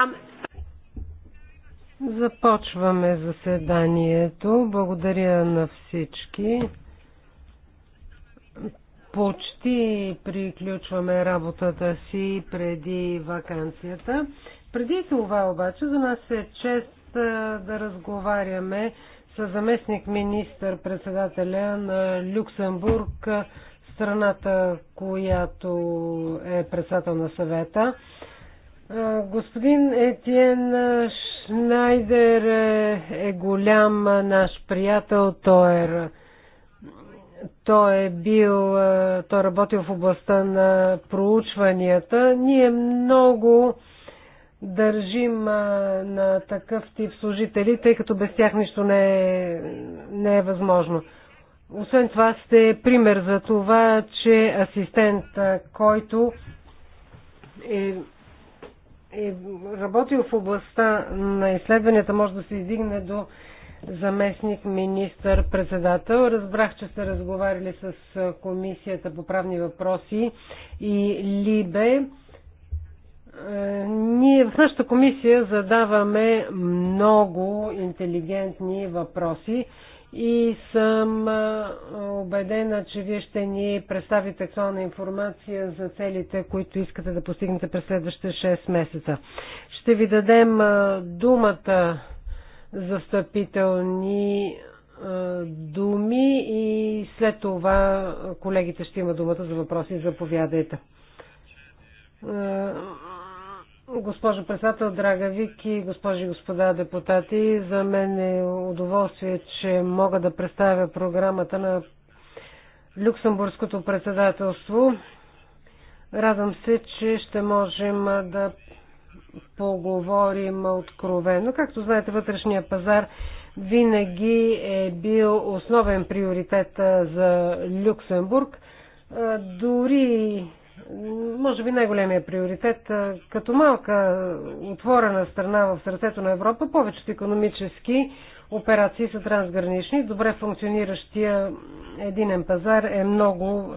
Um, Започваме заседанието. Благодаря на всички. Почти приключваме работата си преди вакансията. Преди това обаче за нас е чест да разговаряме заместник министър-председателя на Люксембург, страната, която е председател на съвета. Господин Етиен Шнайдер е голям наш приятел. Той е, той е бил, той е работил в областта на проучванията. Ние много държим на такъв тип служители, тъй като без тях нищо не е, не е възможно. Освен това сте е пример за това, че асистент, който е, е работил в областта на изследванията, може да се издигне до заместник министър председател. Разбрах, че сте разговаряли с Комисията по правни въпроси и Либе ние в нашата комисия задаваме много интелигентни въпроси и съм убедена, че вие ще ни представите актуална информация за целите, които искате да постигнете през следващите 6 месеца. Ще ви дадем думата за встъпителни думи и след това колегите ще има думата за въпроси. Заповядайте. Госпожо председател, драга Вики, госпожи и господа депутати, за мен е удоволствие, че мога да представя програмата на Люксембургското председателство. Радвам се, че ще можем да поговорим откровено. Както знаете, вътрешния пазар винаги е бил основен приоритет за Люксембург. Дори може би най-големия приоритет. Като малка отворена страна в сърцето на Европа, повечето економически операции са трансгранични. Добре функциониращия единен пазар е много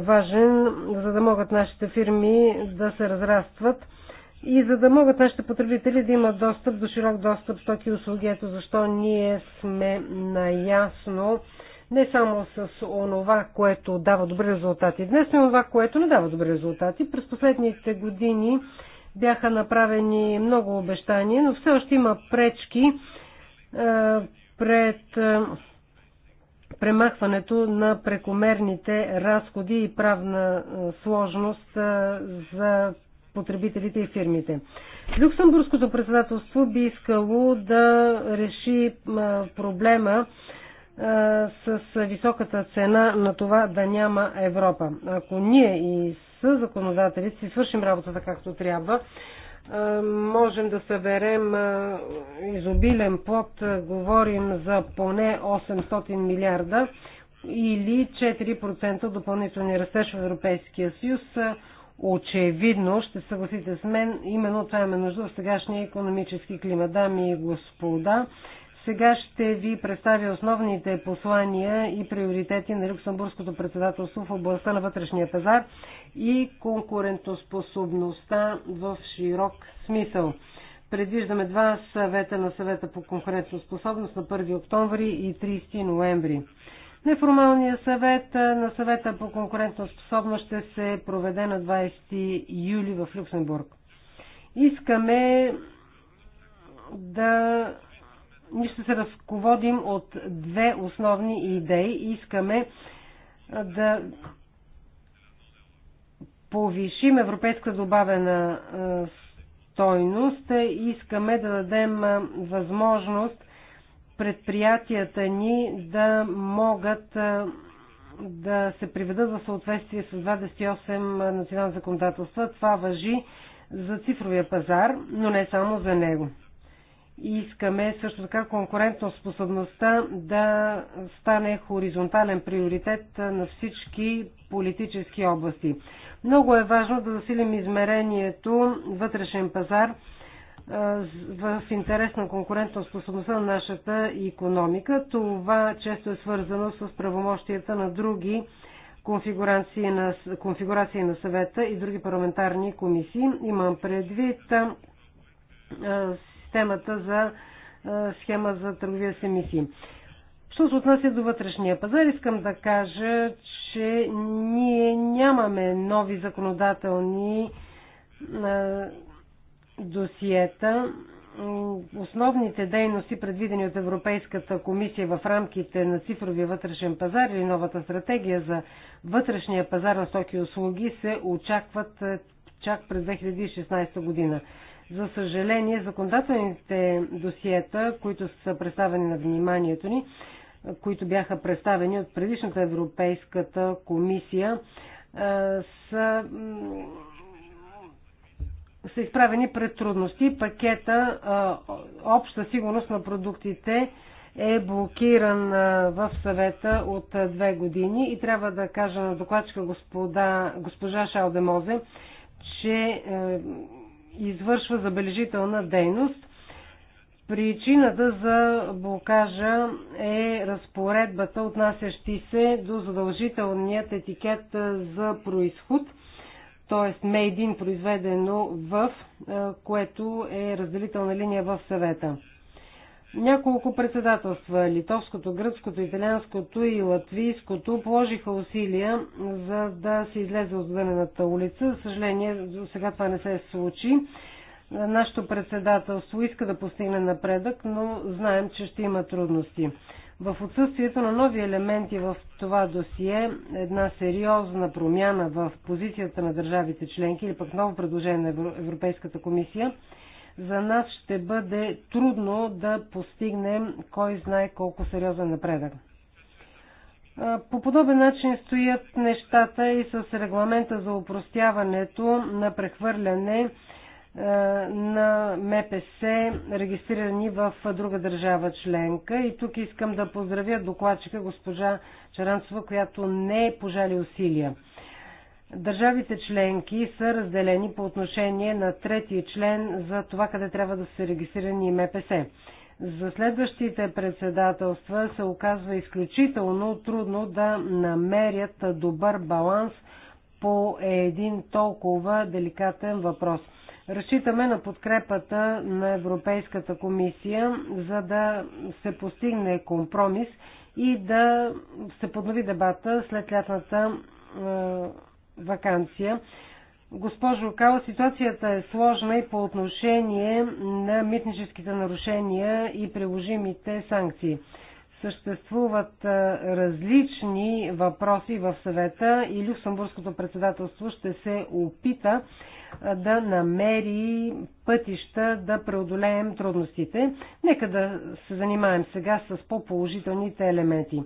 важен, за да могат нашите фирми да се разрастват и за да могат нашите потребители да имат достъп до широк достъп стоки и услуги. Ето защо ние сме наясно не само с онова, което дава добри резултати днес, но е и онова, което не дава добри резултати. През последните години бяха направени много обещания, но все още има пречки е, пред е, премахването на прекомерните разходи и правна сложност за потребителите и фирмите. Люксембургското председателство би искало да реши проблема с високата цена на това да няма Европа. Ако ние и с законодателите си свършим работата както трябва, можем да съберем изобилен плод, говорим за поне 800 милиарда или 4% допълнителни растеж в Европейския съюз. Очевидно, ще съгласите с мен, именно това имаме нужда в сегашния економически климат. Дами и господа, сега ще ви представя основните послания и приоритети на Люксембургското председателство в областта на вътрешния пазар и конкурентоспособността в широк смисъл. Предвиждаме два съвета на съвета по конкурентоспособност на 1 октомври и 30 ноември. Неформалният съвет на съвета по конкурентоспособност ще се проведе на 20 юли в Люксембург. Искаме да ние ще се разководим от две основни идеи. Искаме да повишим европейска добавена стойност и искаме да дадем възможност предприятията ни да могат да се приведат в съответствие с 28 национални законодателства. Това въжи за цифровия пазар, но не само за него. Искаме също така конкурентно способността да стане хоризонтален приоритет на всички политически области. Много е важно да засилим измерението вътрешен пазар в интерес на конкурентоспособността на нашата економика. Това често е свързано с правомощията на други конфигурации на, конфигурации на съвета и други парламентарни комисии. Имам предвид системата за схема за търговия с емисии. Що се отнася до вътрешния пазар, искам да кажа, че ние нямаме нови законодателни досиета. Основните дейности, предвидени от Европейската комисия в рамките на цифровия вътрешен пазар или новата стратегия за вътрешния пазар на стоки и услуги, се очакват чак през 2016 година. За съжаление, законодателните досиета, които са представени на вниманието ни, които бяха представени от предишната Европейската комисия, са, са изправени пред трудности. Пакета Обща сигурност на продуктите е блокиран в съвета от две години и трябва да кажа на докладчика господа, госпожа Шалдемозе, че е, извършва забележителна дейност. Причината за блокажа е разпоредбата, отнасящи се до задължителният етикет за происход, т.е. мейдин, произведено в, което е разделителна линия в съвета. Няколко председателства литовското, гръцкото, италианското и латвийското положиха усилия за да се излезе от гънената улица. За съжаление, до сега това не се случи. Нашето председателство иска да постигне напредък, но знаем, че ще има трудности. В отсъствието на нови елементи в това досие, една сериозна промяна в позицията на държавите членки или пък ново предложение на Европейската комисия, за нас ще бъде трудно да постигнем кой знае колко сериозен напредък. По подобен начин стоят нещата и с регламента за упростяването на прехвърляне на МПС, регистрирани в друга държава членка. И тук искам да поздравя докладчика госпожа Чаранцева, която не е пожали усилия. Държавите членки са разделени по отношение на третия член за това къде трябва да са регистрирани МПС. За следващите председателства се оказва изключително трудно да намерят добър баланс по един толкова деликатен въпрос. Разчитаме на подкрепата на Европейската комисия, за да се постигне компромис и да се поднови дебата след лятната е, вакансия. Госпожо Кала, ситуацията е сложна и по отношение на митническите нарушения и приложимите санкции. Съществуват различни въпроси в съвета и Люксембургското председателство ще се опита да намери пътища да преодолеем трудностите. Нека да се занимаем сега с по-положителните елементи.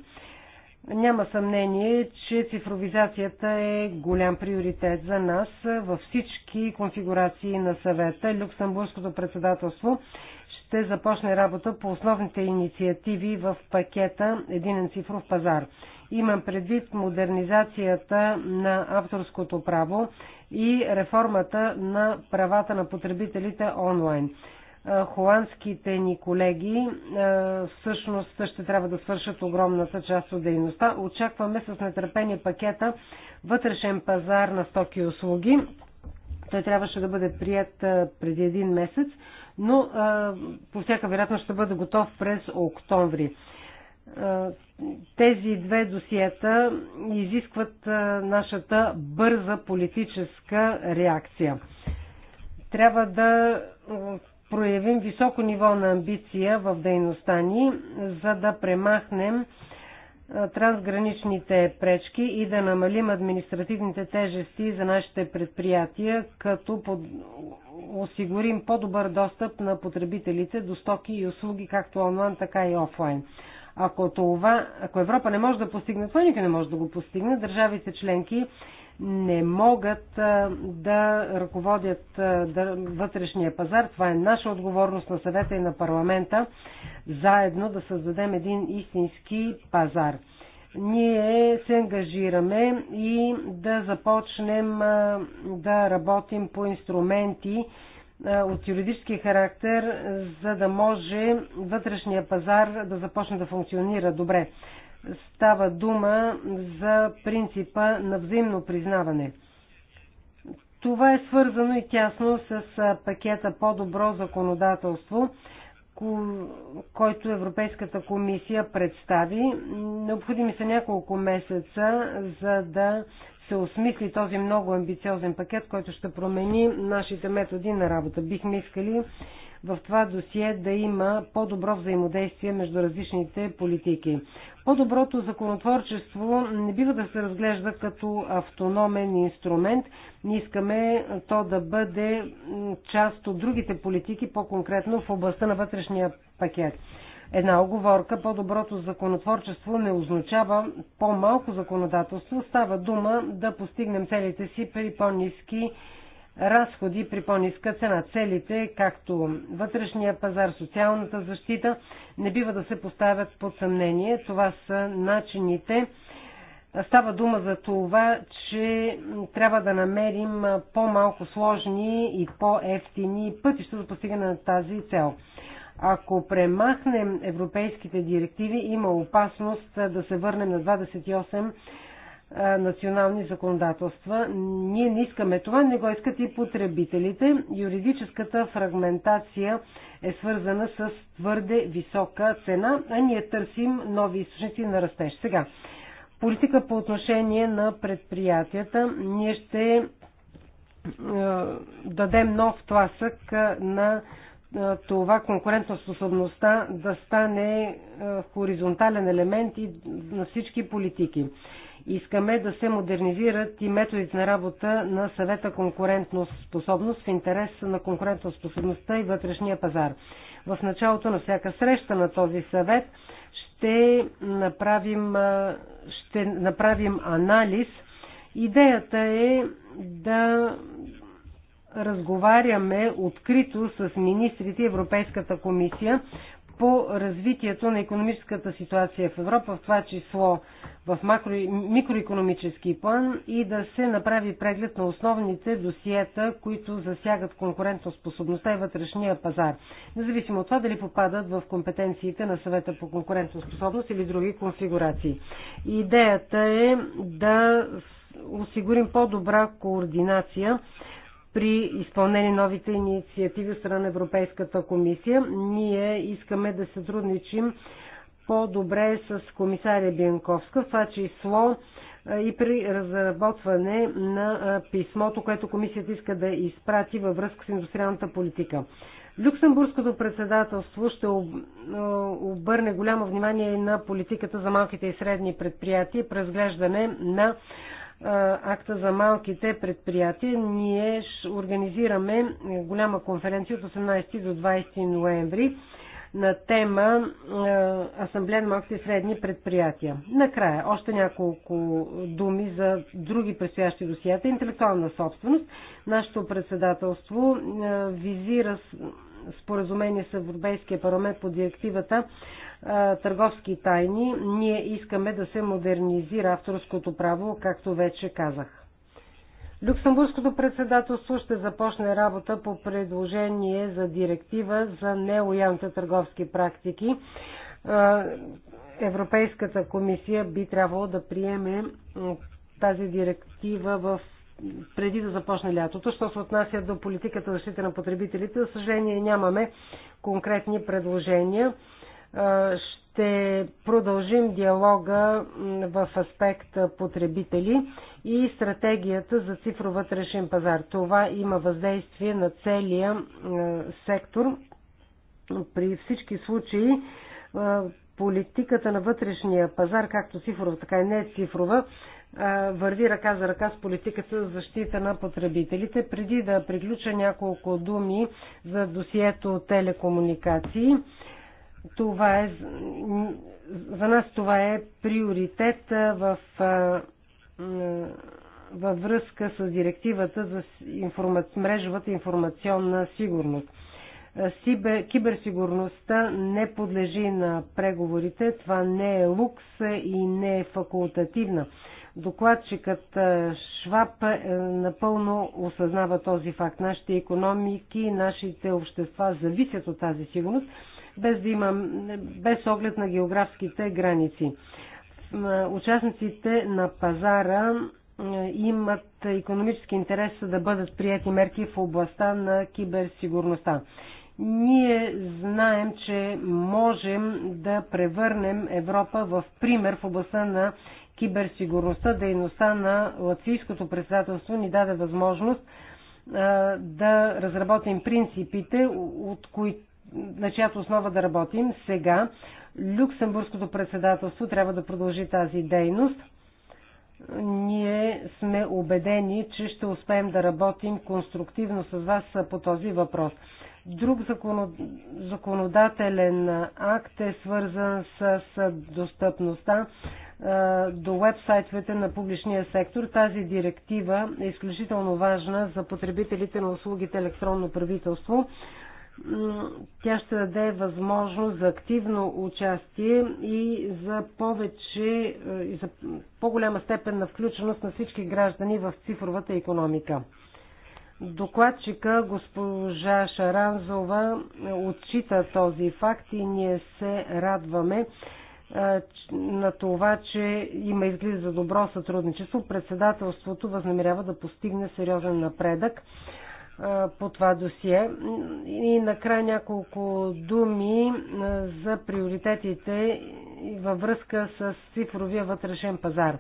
Няма съмнение, че цифровизацията е голям приоритет за нас във всички конфигурации на съвета. Люксембургското председателство ще започне работа по основните инициативи в пакета Единен цифров пазар. Имам предвид модернизацията на авторското право и реформата на правата на потребителите онлайн холандските ни колеги всъщност ще трябва да свършат огромната част от дейността. Очакваме с нетърпение пакета вътрешен пазар на стоки и услуги. Той трябваше да бъде прият преди един месец, но по всяка вероятност ще бъде готов през октомври. Тези две досиета изискват нашата бърза политическа реакция. Трябва да проявим високо ниво на амбиция в дейността ни, за да премахнем трансграничните пречки и да намалим административните тежести за нашите предприятия, като под... осигурим по-добър достъп на потребителите до стоки и услуги, както онлайн, така и офлайн. Ако, това, ако Европа не може да постигне това, никой не може да го постигне. Държавите членки не могат да ръководят вътрешния пазар. Това е наша отговорност на съвета и на парламента, заедно да създадем един истински пазар. Ние се ангажираме и да започнем да работим по инструменти от юридически характер, за да може вътрешния пазар да започне да функционира добре става дума за принципа на взаимно признаване. Това е свързано и тясно с пакета по-добро законодателство, който Европейската комисия представи. Необходими са няколко месеца, за да се осмисли този много амбициозен пакет, който ще промени нашите методи на работа. Бихме искали в това досие да има по-добро взаимодействие между различните политики. По-доброто законотворчество не бива да се разглежда като автономен инструмент. Не искаме то да бъде част от другите политики, по-конкретно в областта на вътрешния пакет. Една оговорка, по-доброто законотворчество не означава по-малко законодателство. Става дума да постигнем целите си при по-низки разходи при по-ниска цена. Целите, както вътрешния пазар, социалната защита, не бива да се поставят под съмнение. Това са начините. Става дума за това, че трябва да намерим по-малко сложни и по-ефтини пътища за постигане на тази цел. Ако премахнем европейските директиви, има опасност да се върнем на 28 национални законодателства. Ние не искаме това, не го искат и потребителите. Юридическата фрагментация е свързана с твърде висока цена, а ние търсим нови източници на растеж. Сега, политика по отношение на предприятията. Ние ще дадем нов тласък на това конкурентоспособността да стане хоризонтален елемент и на всички политики. Искаме да се модернизират и методите на работа на съвета конкурентно способност в интерес на способността и вътрешния пазар. В началото на всяка среща на този съвет ще направим, ще направим анализ. Идеята е да разговаряме открито с министрите и Европейската комисия по развитието на економическата ситуация в Европа, в това число в макро, микроекономически план и да се направи преглед на основните досиета, които засягат конкурентоспособността и вътрешния пазар, независимо от това дали попадат в компетенциите на съвета по конкурентоспособност или други конфигурации. Идеята е да осигурим по-добра координация при изпълнение новите инициативи от страна на Европейската комисия. Ние искаме да сътрудничим по-добре с комисаря Бенковска, това число и при разработване на писмото, което комисията иска да изпрати във връзка с индустриалната политика. Люксембургското председателство ще обърне голямо внимание и на политиката за малките и средни предприятия презглеждане на акта за малките предприятия. Ние организираме голяма конференция от 18 до 20 ноември на тема Асамблея на малките и средни предприятия. Накрая, още няколко думи за други предстоящи досията. Интелектуална собственост. Нашето председателство визира споразумение с Европейския парламент по директивата търговски тайни, ние искаме да се модернизира авторското право, както вече казах. Люксембургското председателство ще започне работа по предложение за директива за нелоялните търговски практики. Европейската комисия би трябвало да приеме тази директива в преди да започне лятото. Що се отнася до политиката за защита на потребителите, за съжаление нямаме конкретни предложения. Ще продължим диалога в аспект потребители и стратегията за цифро вътрешен пазар. Това има въздействие на целия сектор. При всички случаи политиката на вътрешния пазар, както цифрова, така и не цифрова, върви ръка за ръка с политиката за защита на потребителите. Преди да приключа няколко думи за досието телекомуникации, това е, за нас това е приоритет в, във връзка с директивата за информа, мрежовата информационна сигурност. Киберсигурността не подлежи на преговорите, това не е лукс и не е факултативна Докладчикът е, Шваб е, напълно осъзнава този факт. Нашите економики, нашите общества зависят от тази сигурност, без, да имам, без оглед на географските граници. Участниците на пазара имат економически интерес да бъдат прияти мерки в областта на киберсигурността. Ние знаем, че можем да превърнем Европа в пример в областта на киберсигурността, дейността на латвийското председателство ни даде възможност да разработим принципите, от кои, на чиято основа да работим сега. Люксембургското председателство трябва да продължи тази дейност – ние сме убедени, че ще успеем да работим конструктивно с вас по този въпрос. Друг законодателен акт е свързан с достъпността до вебсайтовете на публичния сектор. Тази директива е изключително важна за потребителите на услугите електронно правителство тя ще даде възможност за активно участие и за повече е, и за по-голяма степен на включеност на всички граждани в цифровата економика. Докладчика госпожа Шаранзова е, отчита този факт и ние се радваме е, на това, че има изглед за добро сътрудничество. Председателството възнамерява да постигне сериозен напредък по това досие. И накрая няколко думи за приоритетите във връзка с цифровия вътрешен пазар.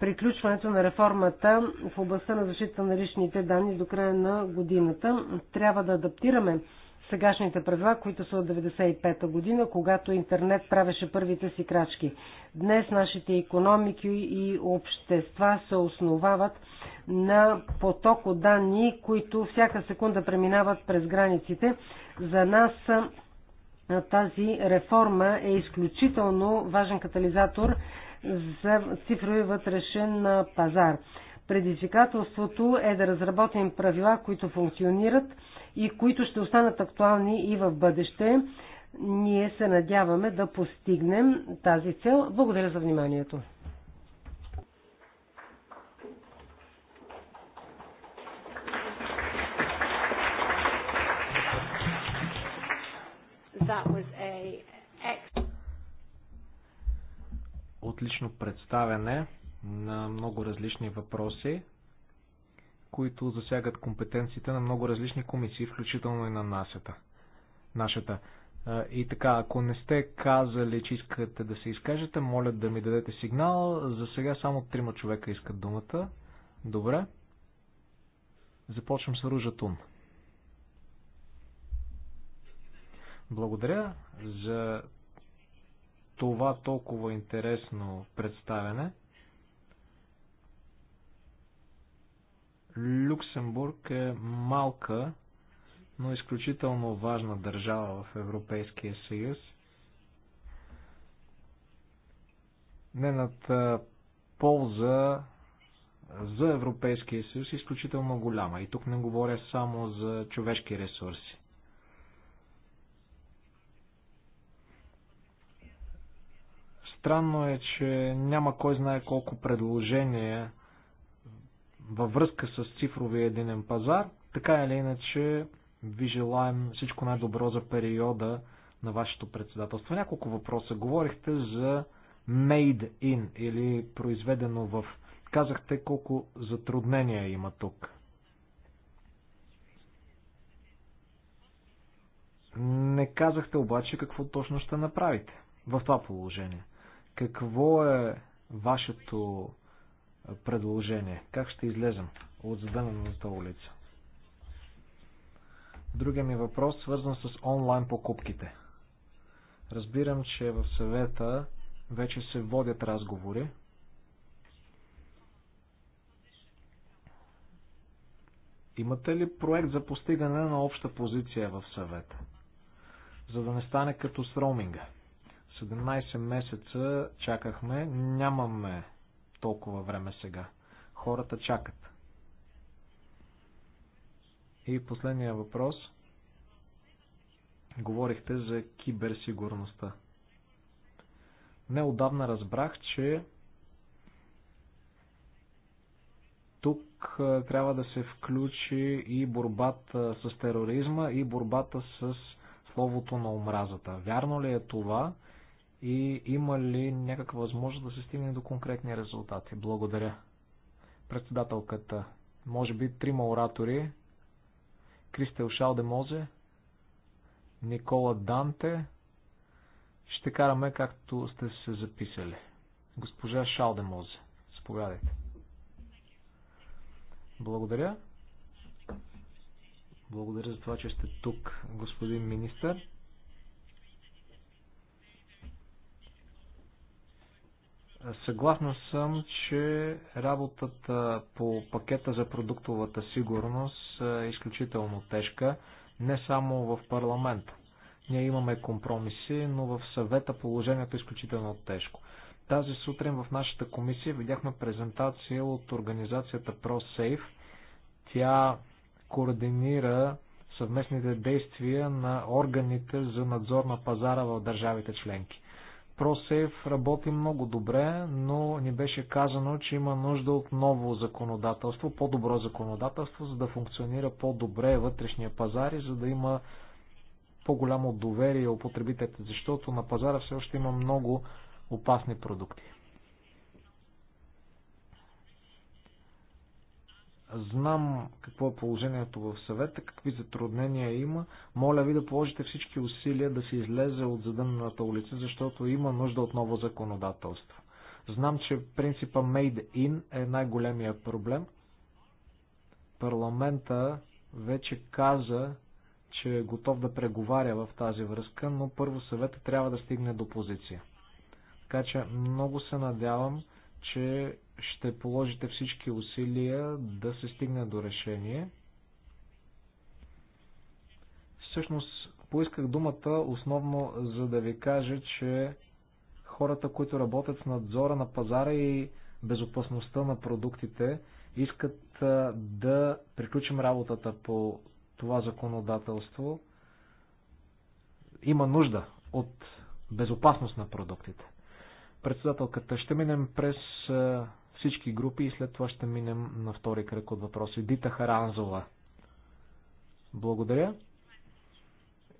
Приключването на реформата в областта на защита на личните данни до края на годината трябва да адаптираме сегашните правила, които са от 1995 година, когато интернет правеше първите си крачки. Днес нашите економики и общества се основават на поток от данни, които всяка секунда преминават през границите. За нас тази реформа е изключително важен катализатор за цифрови вътрешен пазар. Предизвикателството е да разработим правила, които функционират и които ще останат актуални и в бъдеще. Ние се надяваме да постигнем тази цел. Благодаря за вниманието. Отлично представяне на много различни въпроси които засягат компетенциите на много различни комисии, включително и на нашата. нашата. И така, ако не сте казали, че искате да се изкажете, моля да ми дадете сигнал. За сега само трима човека искат думата. Добре. Започвам с Ружа Тун. Благодаря за това толкова интересно представяне. Люксембург е малка, но изключително важна държава в Европейския съюз. Нената полза за Европейския съюз е изключително голяма. И тук не говоря само за човешки ресурси. Странно е, че няма кой знае колко предложения във връзка с цифровия единен пазар. Така или иначе, ви желаем всичко най-добро за периода на вашето председателство. Няколко въпроса. Говорихте за made in или произведено в. Казахте колко затруднения има тук. Не казахте обаче какво точно ще направите в това положение. Какво е вашето предложение. Как ще излезем от задънената улица? Другия ми въпрос свързан с онлайн покупките. Разбирам, че в съвета вече се водят разговори. Имате ли проект за постигане на обща позиция в съвета? За да не стане като с роуминга. 17 месеца чакахме, нямаме толкова време сега. Хората чакат. И последния въпрос. Говорихте за киберсигурността. Неодавна разбрах, че тук трябва да се включи и борбата с тероризма, и борбата с словото на омразата. Вярно ли е това? и има ли някаква възможност да се стигне до конкретни резултати? Благодаря. Председателката, може би трима оратори. Кристел Шалдемозе, Никола Данте. Ще караме както сте се записали. Госпожа Шалдемозе, заповядайте. Благодаря. Благодаря за това, че сте тук, господин министър. Съгласна съм, че работата по пакета за продуктовата сигурност е изключително тежка, не само в парламента. Ние имаме компромиси, но в съвета положението е изключително тежко. Тази сутрин в нашата комисия видяхме презентация от организацията ProSafe. Тя координира съвместните действия на органите за надзор на пазара в държавите членки. ProSafe работи много добре, но ни беше казано, че има нужда от ново законодателство, по-добро законодателство, за да функционира по-добре вътрешния пазар и за да има по-голямо доверие у потребителите, защото на пазара все още има много опасни продукти. Знам какво е положението в съвета, какви затруднения има. Моля ви да положите всички усилия да се излезе от задънената улица, защото има нужда от ново законодателство. Знам, че принципа Made in е най-големия проблем. Парламента вече каза, че е готов да преговаря в тази връзка, но първо съвета трябва да стигне до позиция. Така че много се надявам, че ще положите всички усилия да се стигне до решение. Всъщност поисках думата основно за да ви кажа, че хората, които работят с надзора на пазара и безопасността на продуктите, искат да приключим работата по това законодателство. Има нужда от безопасност на продуктите. Председателката, ще минем през всички групи и след това ще минем на втори кръг от въпроси. Дита Харанзова. Благодаря.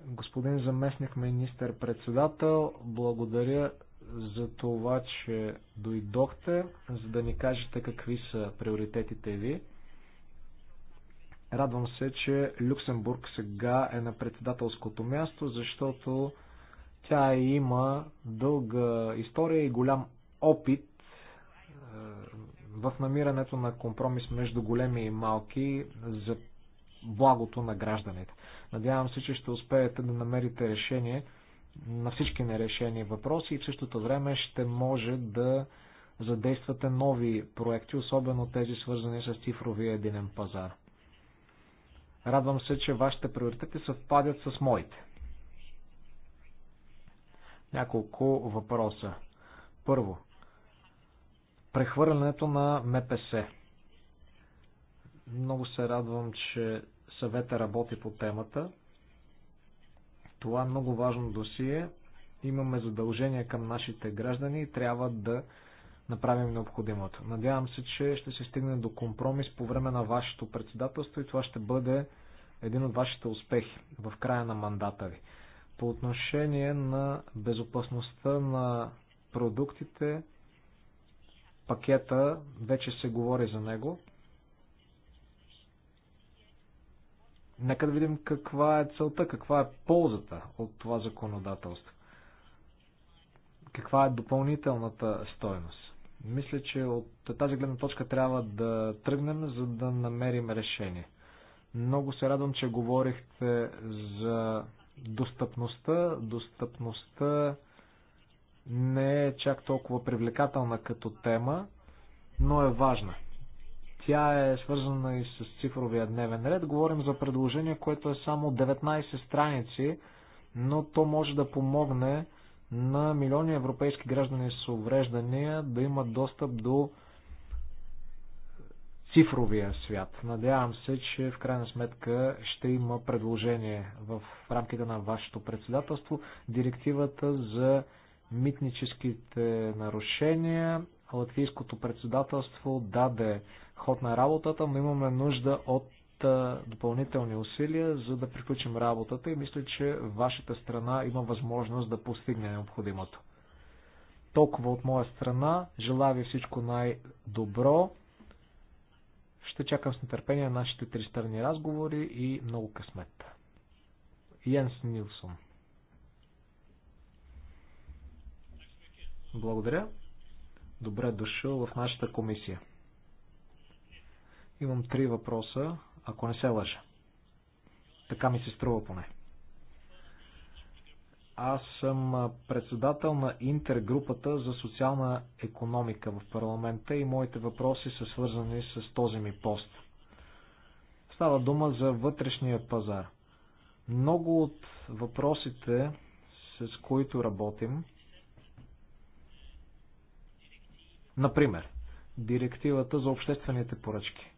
Господин заместник министър-председател, благодаря за това, че дойдохте, за да ни кажете какви са приоритетите ви. Радвам се, че Люксембург сега е на председателското място, защото тя има дълга история и голям опит в намирането на компромис между големи и малки за благото на гражданите. Надявам се, че ще успеете да намерите решение на всички нерешени въпроси и в същото време ще може да задействате нови проекти, особено тези свързани с цифровия единен пазар. Радвам се, че вашите приоритети съвпадят с моите. Няколко въпроса. Първо, прехвърлянето на МПС. Много се радвам, че съвета работи по темата. Това е много важно досие. Имаме задължения към нашите граждани и трябва да направим необходимото. Надявам се, че ще се стигне до компромис по време на вашето председателство и това ще бъде един от вашите успехи в края на мандата ви. По отношение на безопасността на продуктите, пакета, вече се говори за него. Нека да видим каква е целта, каква е ползата от това законодателство. Каква е допълнителната стойност. Мисля, че от тази гледна точка трябва да тръгнем, за да намерим решение. Много се радвам, че говорихте за достъпността. Достъпността не е чак толкова привлекателна като тема, но е важна. Тя е свързана и с цифровия дневен ред. Говорим за предложение, което е само 19 страници, но то може да помогне на милиони европейски граждани с увреждания да имат достъп до цифровия свят. Надявам се, че в крайна сметка ще има предложение в рамките на вашето председателство. Директивата за митническите нарушения. Латвийското председателство даде ход на работата, но имаме нужда от допълнителни усилия, за да приключим работата и мисля, че вашата страна има възможност да постигне необходимото. Толкова от моя страна. Желая ви всичко най-добро. Ще чакам с нетърпение нашите тристърни разговори и много късмет. Йенс Нилсон. Благодаря. Добре дошъл в нашата комисия. Имам три въпроса, ако не се лъжа. Така ми се струва поне. Аз съм председател на интергрупата за социална економика в парламента и моите въпроси са свързани с този ми пост. Става дума за вътрешния пазар. Много от въпросите, с които работим, Например, директивата за обществените поръчки.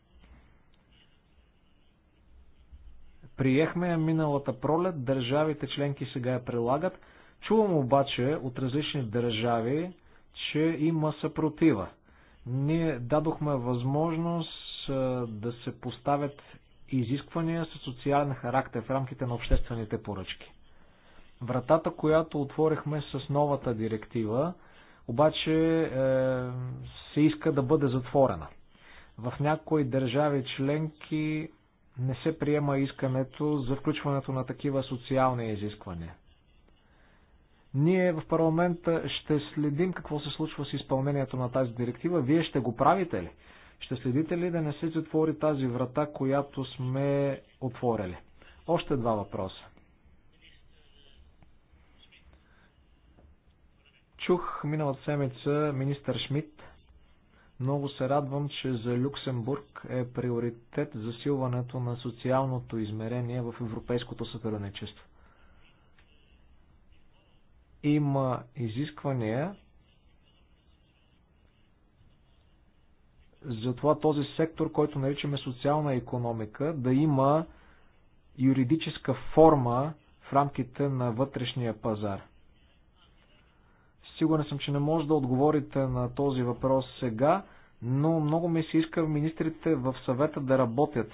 Приехме миналата пролет, държавите членки сега я прилагат. Чувам обаче от различни държави, че има съпротива. Ние дадохме възможност да се поставят изисквания със социален характер в рамките на обществените поръчки. Вратата, която отворихме с новата директива, обаче е, се иска да бъде затворена. В някои държави членки не се приема искането за включването на такива социални изисквания. Ние в парламента ще следим какво се случва с изпълнението на тази директива. Вие ще го правите ли? Ще следите ли да не се затвори тази врата, която сме отворили? Още два въпроса. Чух миналата седмица министър Шмидт. Много се радвам, че за Люксембург е приоритет засилването на социалното измерение в европейското сътрудничество. Има изисквания за това този сектор, който наричаме социална економика, да има юридическа форма в рамките на вътрешния пазар. Сигурен съм, че не може да отговорите на този въпрос сега, но много ми се иска министрите в съвета да работят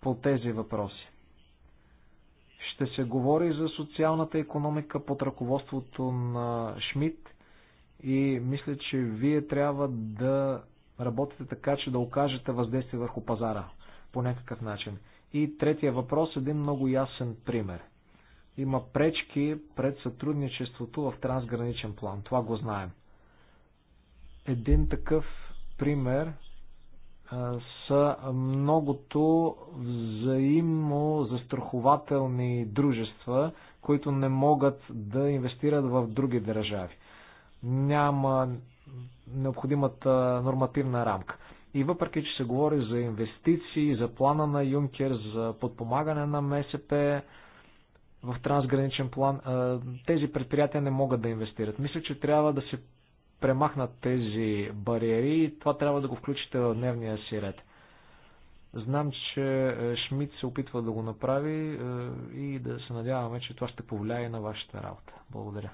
по тези въпроси. Ще се говори за социалната економика под ръководството на Шмидт и мисля, че вие трябва да работите така, че да окажете въздействие върху пазара по някакъв начин. И третия въпрос, един много ясен пример – има пречки пред сътрудничеството в трансграничен план. Това го знаем. Един такъв пример са многото взаимно застрахователни дружества, които не могат да инвестират в други държави. Няма необходимата нормативна рамка. И въпреки, че се говори за инвестиции, за плана на Юнкер, за подпомагане на МСП, в трансграничен план, тези предприятия не могат да инвестират. Мисля, че трябва да се премахнат тези бариери и това трябва да го включите в дневния си ред. Знам, че е, Шмидт се опитва да го направи е, и да се надяваме, че това ще повлияе на вашата работа. Благодаря.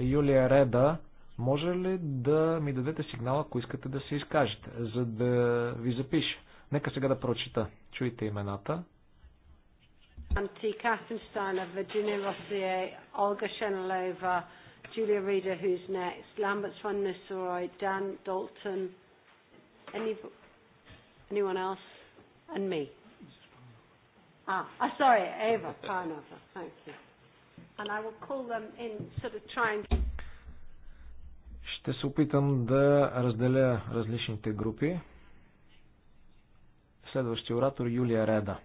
Юлия Реда, може ли да ми дадете сигнал, ако искате да се изкажете, за да ви запиша? Нека сега да прочита. Чуйте имената. Virginia Rossier, Olga Shenilova, Julia Reader, who's next, Lambert van Nistelrooy, Dan Dalton, any, anyone else, and me. Ah, oh, sorry, Eva Parnova, thank you. And I will call them in sort of trying Ще се опитам да разделя различните групи. Следващия оратор Юлия Реда.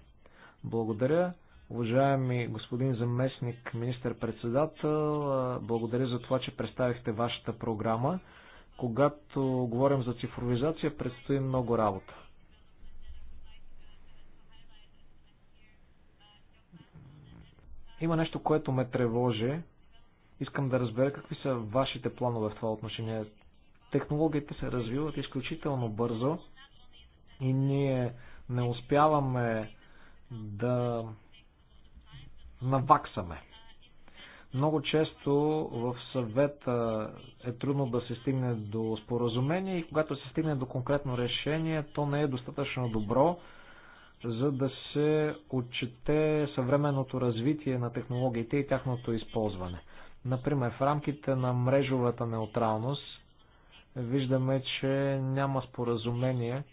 Благодаря. Уважаеми господин заместник министър-председател, благодаря за това, че представихте вашата програма. Когато говорим за цифровизация, предстои много работа. Има нещо, което ме тревожи. Искам да разбера какви са вашите планове в това отношение. Технологиите се развиват изключително бързо и ние не успяваме да наваксаме. Много често в съвета е трудно да се стигне до споразумение и когато се стигне до конкретно решение, то не е достатъчно добро, за да се отчете съвременното развитие на технологиите и тяхното използване. Например, в рамките на мрежовата неутралност виждаме, че няма споразумение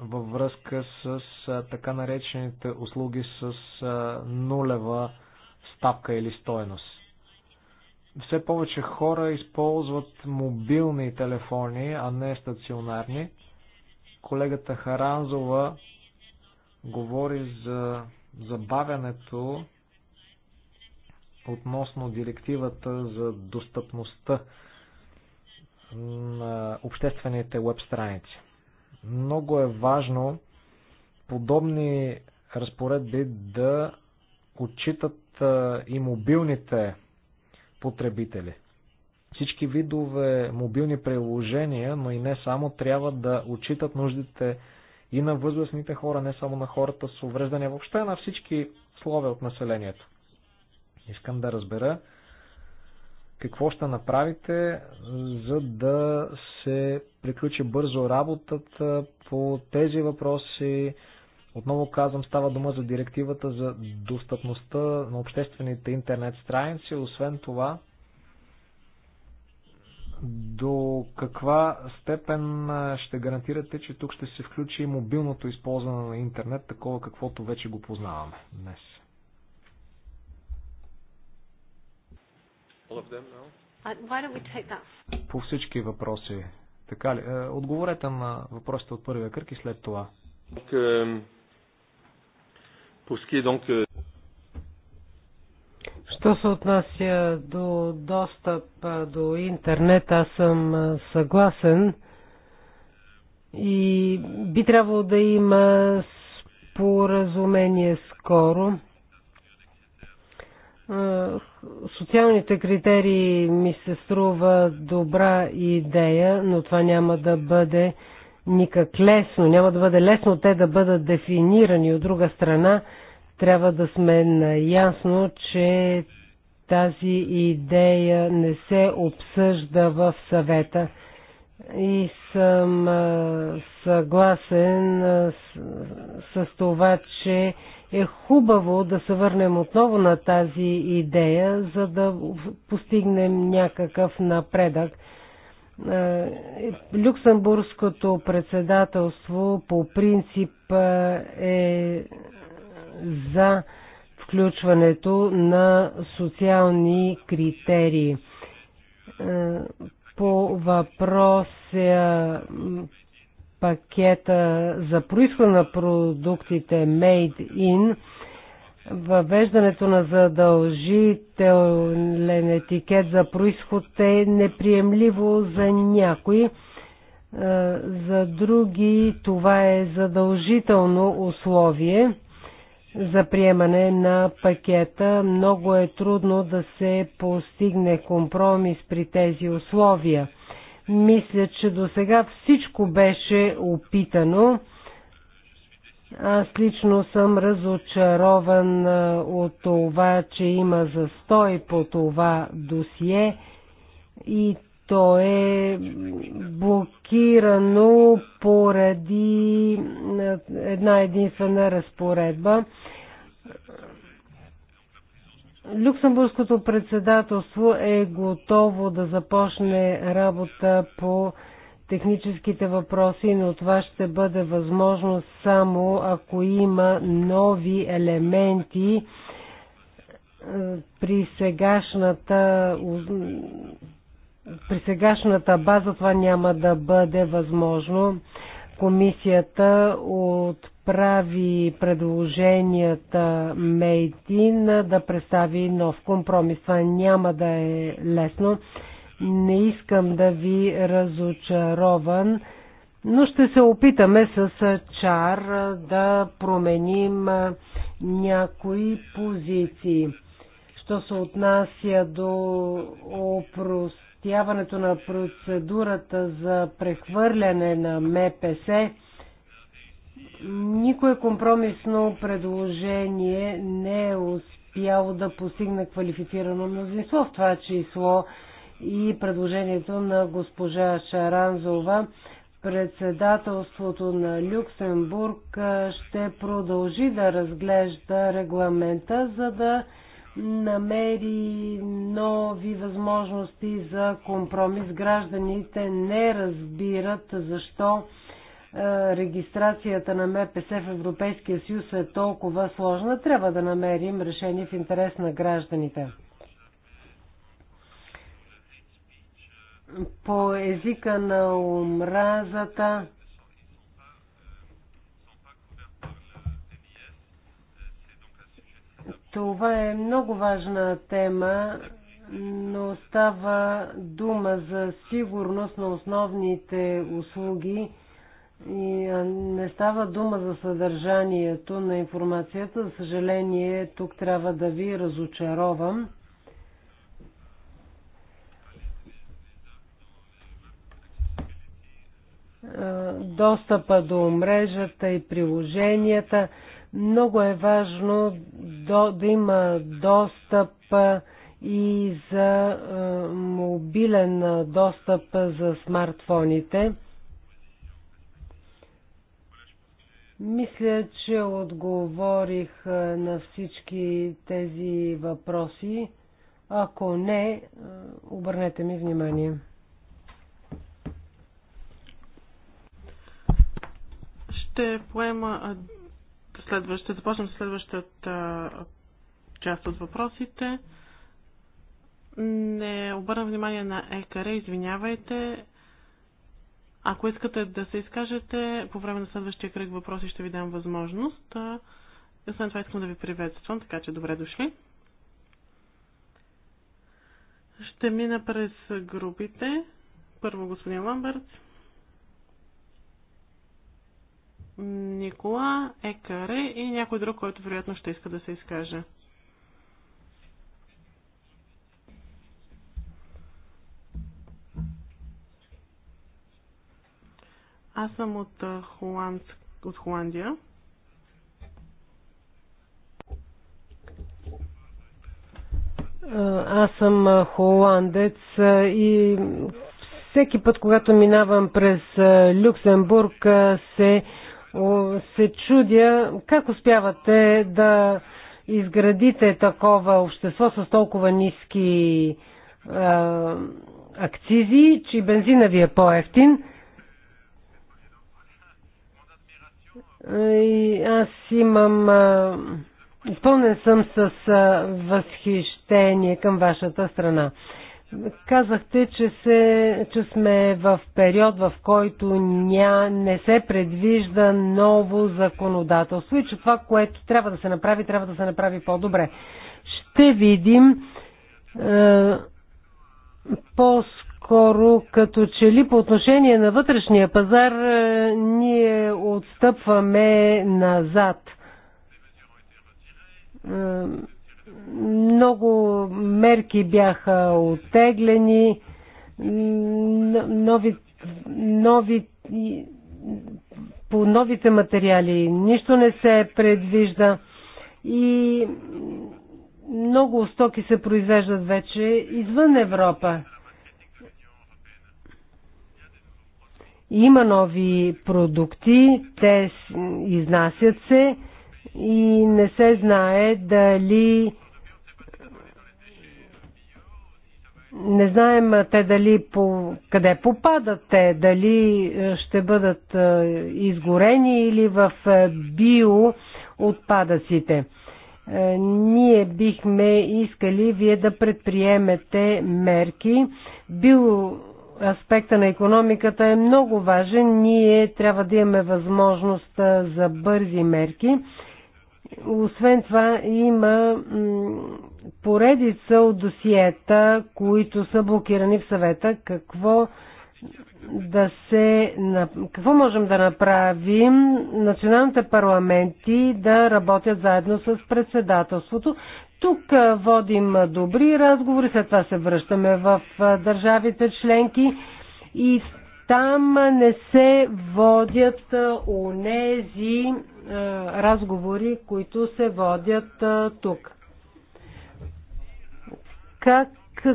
във връзка с така наречените услуги с нулева ставка или стоеност. Все повече хора използват мобилни телефони, а не стационарни. Колегата Харанзова говори за забавянето относно директивата за достъпността на обществените веб страници. Много е важно подобни разпоредби да отчитат и мобилните потребители. Всички видове мобилни приложения, но и не само, трябва да отчитат нуждите и на възрастните хора, не само на хората с увреждания, въобще на всички слове от населението. Искам да разбера какво ще направите, за да се приключи бързо работата по тези въпроси. Отново казвам, става дума за директивата за достъпността на обществените интернет страници. Освен това, до каква степен ще гарантирате, че тук ще се включи и мобилното използване на интернет, такова каквото вече го познаваме днес? Uh, По всички въпроси. Така ли? Е, отговорете на въпросите от първия кръг и след това. Euh, euh, Що се отнася до достъп до интернет, аз съм съгласен и би трябвало да има споразумение скоро. Е, социалните критерии ми се струва добра идея, но това няма да бъде никак лесно. Няма да бъде лесно те да бъдат дефинирани. От друга страна, трябва да сме наясно, че тази идея не се обсъжда в съвета. И съм е, съгласен е, с, с това, че е хубаво да се върнем отново на тази идея, за да постигнем някакъв напредък. Е, Люксембургското председателство по принцип е, е за включването на социални критерии. Е, по въпроса пакета за происход на продуктите Made in, въвеждането на задължителен етикет за происход е неприемливо за някои. Е, за други това е задължително условие за приемане на пакета. Много е трудно да се постигне компромис при тези условия – мисля, че до сега всичко беше опитано. Аз лично съм разочарован от това, че има застой по това досие и то е блокирано поради една единствена разпоредба. Люксембургското председателство е готово да започне работа по техническите въпроси, но това ще бъде възможно само ако има нови елементи е, при сегашната при сегашната база това няма да бъде възможно. Комисията от прави предложенията Мейтин да представи нов компромис. Това няма да е лесно. Не искам да ви разочарован, но ще се опитаме с чар да променим някои позиции. Що се отнася до опростяването на процедурата за прехвърляне на МПС, Никое компромисно предложение не е успяло да постигне квалифицирано мнозинство, в това число и предложението на госпожа Шаранзова. Председателството на Люксембург ще продължи да разглежда регламента, за да намери нови възможности за компромис. Гражданите не разбират защо е, регистрацията на МПС в Европейския съюз е толкова сложна, трябва да намерим решение в интерес на гражданите. По езика на омразата Това е много важна тема, но става дума за сигурност на основните услуги и не става дума за съдържанието на информацията. За съжаление, тук трябва да ви разочаровам. достъпа до мрежата и приложенията. Много е важно да има достъп и за мобилен достъп за смартфоните. Мисля, че отговорих на всички тези въпроси. Ако не, обърнете ми внимание. Ще поема следващ, ще започнем с следващата част от въпросите. Не обърна внимание на ЕКР, извинявайте. Ако искате да се изкажете по време на следващия кръг въпроси, ще ви дам възможност. Освен това искам да ви приветствам, така че добре дошли. Ще мина през групите. Първо господин Ламберт. Никола, Екаре и някой друг, който вероятно ще иска да се изкаже. Аз съм от, Холанд, от Холандия. Аз съм холандец и всеки път, когато минавам през Люксембург, се, се чудя как успявате да изградите такова общество с толкова ниски а, акцизи, че бензина ви е по-ефтин. И аз имам. Изпълнен съм с възхищение към вашата страна. Казахте, че, се, че сме в период, в който ня, не се предвижда ново законодателство и че това, което трябва да се направи, трябва да се направи по-добре. Ще видим е, по-скоро по-скоро като че ли по отношение на вътрешния пазар е, ние отстъпваме назад. Е, много мерки бяха оттеглени, нови, нови, по новите материали нищо не се предвижда и много стоки се произвеждат вече извън Европа. Има нови продукти, те изнасят се и не се знае дали не знаем те дали по, къде попадат те, дали е, ще бъдат е, изгорени или в е, биоотпадъците. Ние бихме искали вие да предприемете мерки. Био аспекта на економиката е много важен. Ние трябва да имаме възможност за бързи мерки. Освен това има поредица от досиета, които са блокирани в съвета. Какво да се... Какво можем да направим националните парламенти да работят заедно с председателството, тук водим добри разговори, след това се връщаме в държавите членки и там не се водят онези разговори, които се водят тук. Как,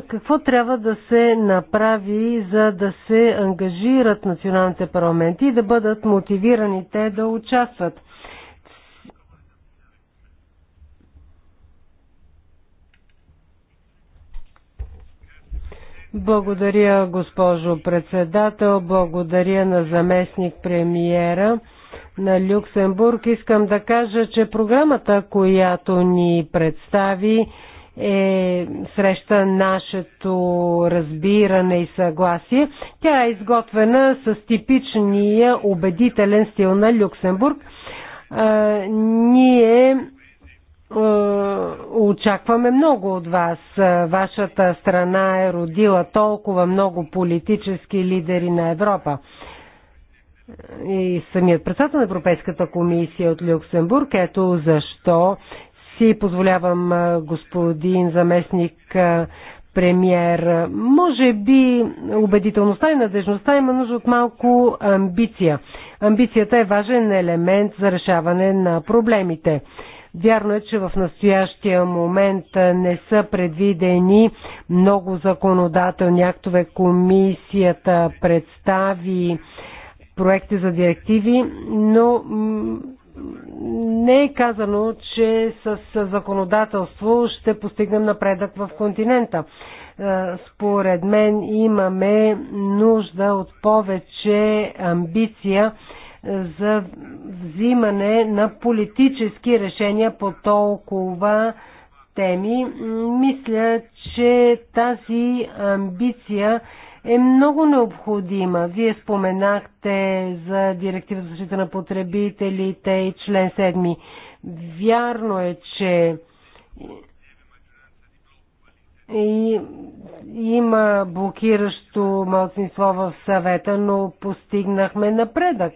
какво трябва да се направи, за да се ангажират националните парламенти и да бъдат мотивирани те да участват? Благодаря, госпожо председател. Благодаря на заместник премиера на Люксембург. Искам да кажа, че програмата, която ни представи, е среща нашето разбиране и съгласие. Тя е изготвена с типичния убедителен стил на Люксембург. А, ние е, очакваме много от вас. Е, вашата страна е родила толкова много политически лидери на Европа. Е, и самият председател на Европейската комисия от Люксембург, ето защо си позволявам господин заместник премьер. Може би убедителността и надежността има нужда от малко амбиция. Амбицията е важен елемент за решаване на проблемите. Вярно е, че в настоящия момент не са предвидени много законодателни актове. Комисията представи проекти за директиви, но не е казано, че с законодателство ще постигнем напредък в континента. Според мен имаме нужда от повече амбиция за взимане на политически решения по толкова теми. Мисля, че тази амбиция е много необходима. Вие споменахте за директива за защита на потребителите и член 7. Вярно е, че и има блокиращо мълцинство в съвета, но постигнахме напредък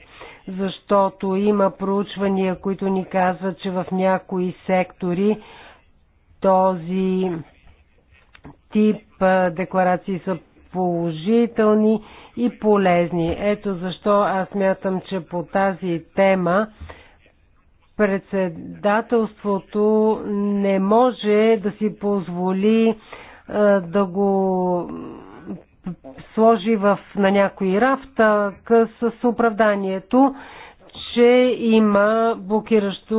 защото има проучвания, които ни казват, че в някои сектори този тип декларации са положителни и полезни. Ето защо аз мятам, че по тази тема председателството не може да си позволи да го сложи в, на някои рафта с оправданието, че има блокиращо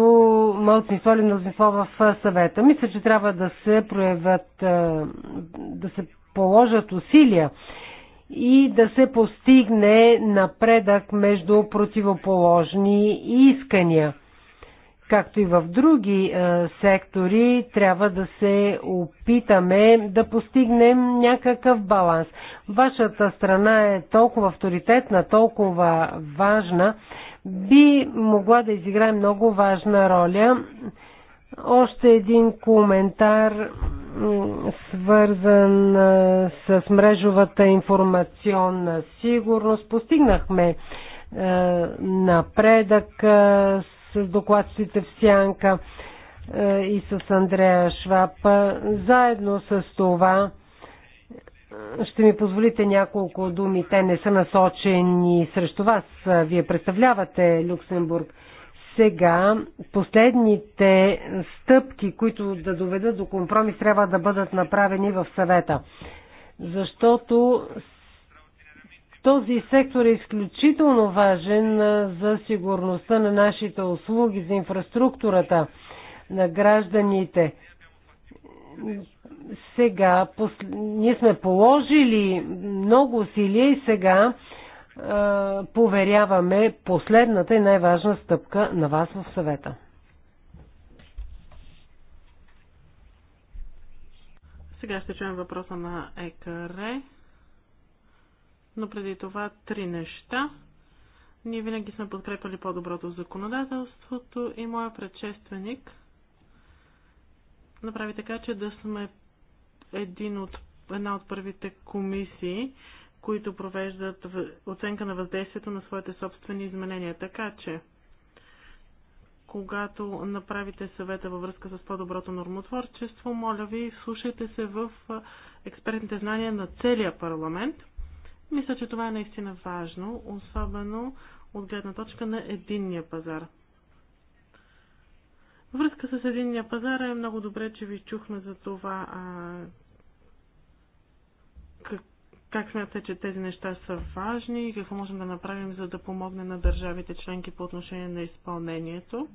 мълцинство или мнозинство в съвета. Мисля, че трябва да се проявят, да се положат усилия и да се постигне напредък между противоположни искания както и в други е, сектори, трябва да се опитаме да постигнем някакъв баланс. Вашата страна е толкова авторитетна, толкова важна, би могла да изиграе много важна роля. Още един коментар, свързан е, с мрежовата информационна сигурност. Постигнахме е, напредък с докладците в Сянка е, и с Андрея Шваб. Заедно с това е, ще ми позволите няколко думи. Те не са насочени срещу вас. Вие представлявате Люксембург. Сега последните стъпки, които да доведат до компромис, трябва да бъдат направени в съвета. Защото този сектор е изключително важен за сигурността на нашите услуги, за инфраструктурата на гражданите. Сега посл... ние сме положили много усилия и сега поверяваме последната и най-важна стъпка на вас в съвета. Сега ще чуем въпроса на ЕКР. Но преди това три неща. Ние винаги сме подкрепали по-доброто законодателството и моя предшественик направи така, че да сме един от, една от първите комисии, които провеждат оценка на въздействието на своите собствени изменения. Така че, когато направите съвета във връзка с по-доброто нормотворчество, моля ви, слушайте се в експертните знания на целия парламент – мисля, че това е наистина важно, особено от гледна точка на единния пазар. Връзка с единния пазар е много добре, че ви чухме за това а, как, как смятате, че тези неща са важни и какво можем да направим, за да помогне на държавите членки по отношение на изпълнението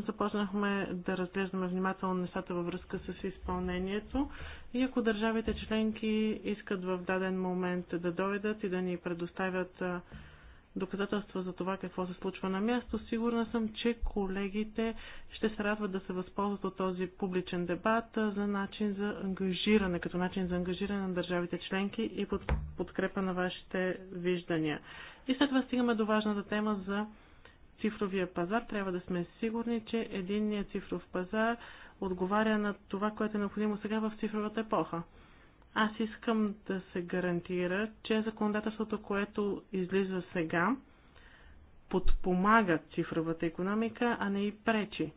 започнахме да разглеждаме внимателно нещата във връзка с изпълнението и ако държавите членки искат в даден момент да дойдат и да ни предоставят доказателства за това какво се случва на място, сигурна съм, че колегите ще се радват да се възползват от този публичен дебат за начин за ангажиране, като начин за ангажиране на държавите членки и под подкрепа на вашите виждания. И след това стигаме до важната тема за цифровия пазар, трябва да сме сигурни, че единният цифров пазар отговаря на това, което е необходимо сега в цифровата епоха. Аз искам да се гарантира, че законодателството, което излиза сега, подпомага цифровата економика, а не и пречи.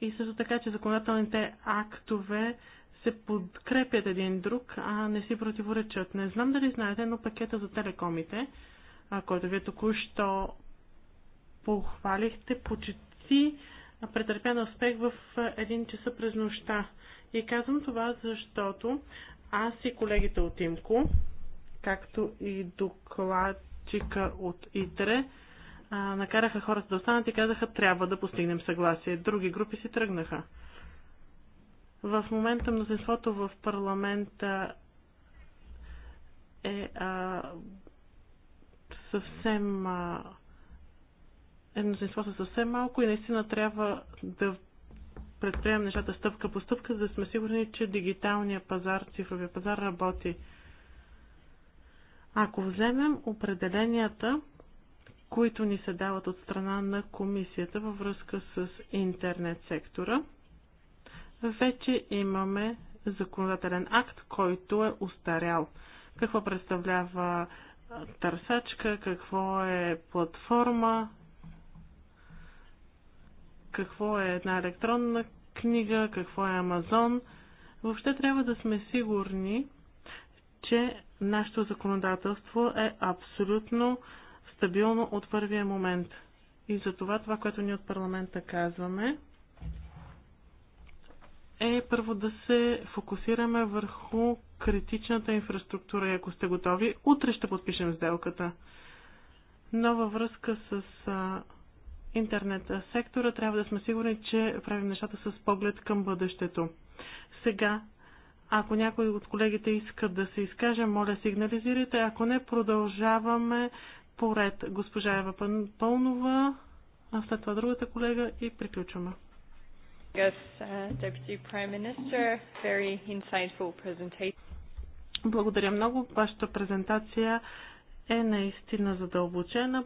И също така, че законодателните актове се подкрепят един друг, а не си противоречат. Не знам дали знаете, но пакета за телекомите, който вие току-що похвалихте почти претърпян успех в един часа през нощта. И казвам това, защото аз и колегите от Имко, както и докладчика от ИТРЕ, накараха хората да останат и казаха, трябва да постигнем съгласие. Други групи си тръгнаха. В момента мнозинството в парламента е а, съвсем а, е мнозинство са съвсем малко и наистина трябва да предприемем нещата стъпка по стъпка, за да сме сигурни, че дигиталния пазар, цифровия пазар работи. Ако вземем определенията, които ни се дават от страна на комисията във връзка с интернет сектора, вече имаме законодателен акт, който е устарял. Какво представлява търсачка, какво е платформа какво е една електронна книга, какво е Амазон. Въобще трябва да сме сигурни, че нашето законодателство е абсолютно стабилно от първия момент. И за това, това, което ние от парламента казваме, е първо да се фокусираме върху критичната инфраструктура. И ако сте готови, утре ще подпишем сделката. Но във връзка с а, интернет сектора, трябва да сме сигурни, че правим нещата с поглед към бъдещето. Сега, ако някой от колегите иска да се изкаже, моля сигнализирайте. Ако не, продължаваме поред госпожа Ева Пълнова, а след това другата колега и приключваме. Uh, Благодаря много. Вашата презентация е наистина задълбочена.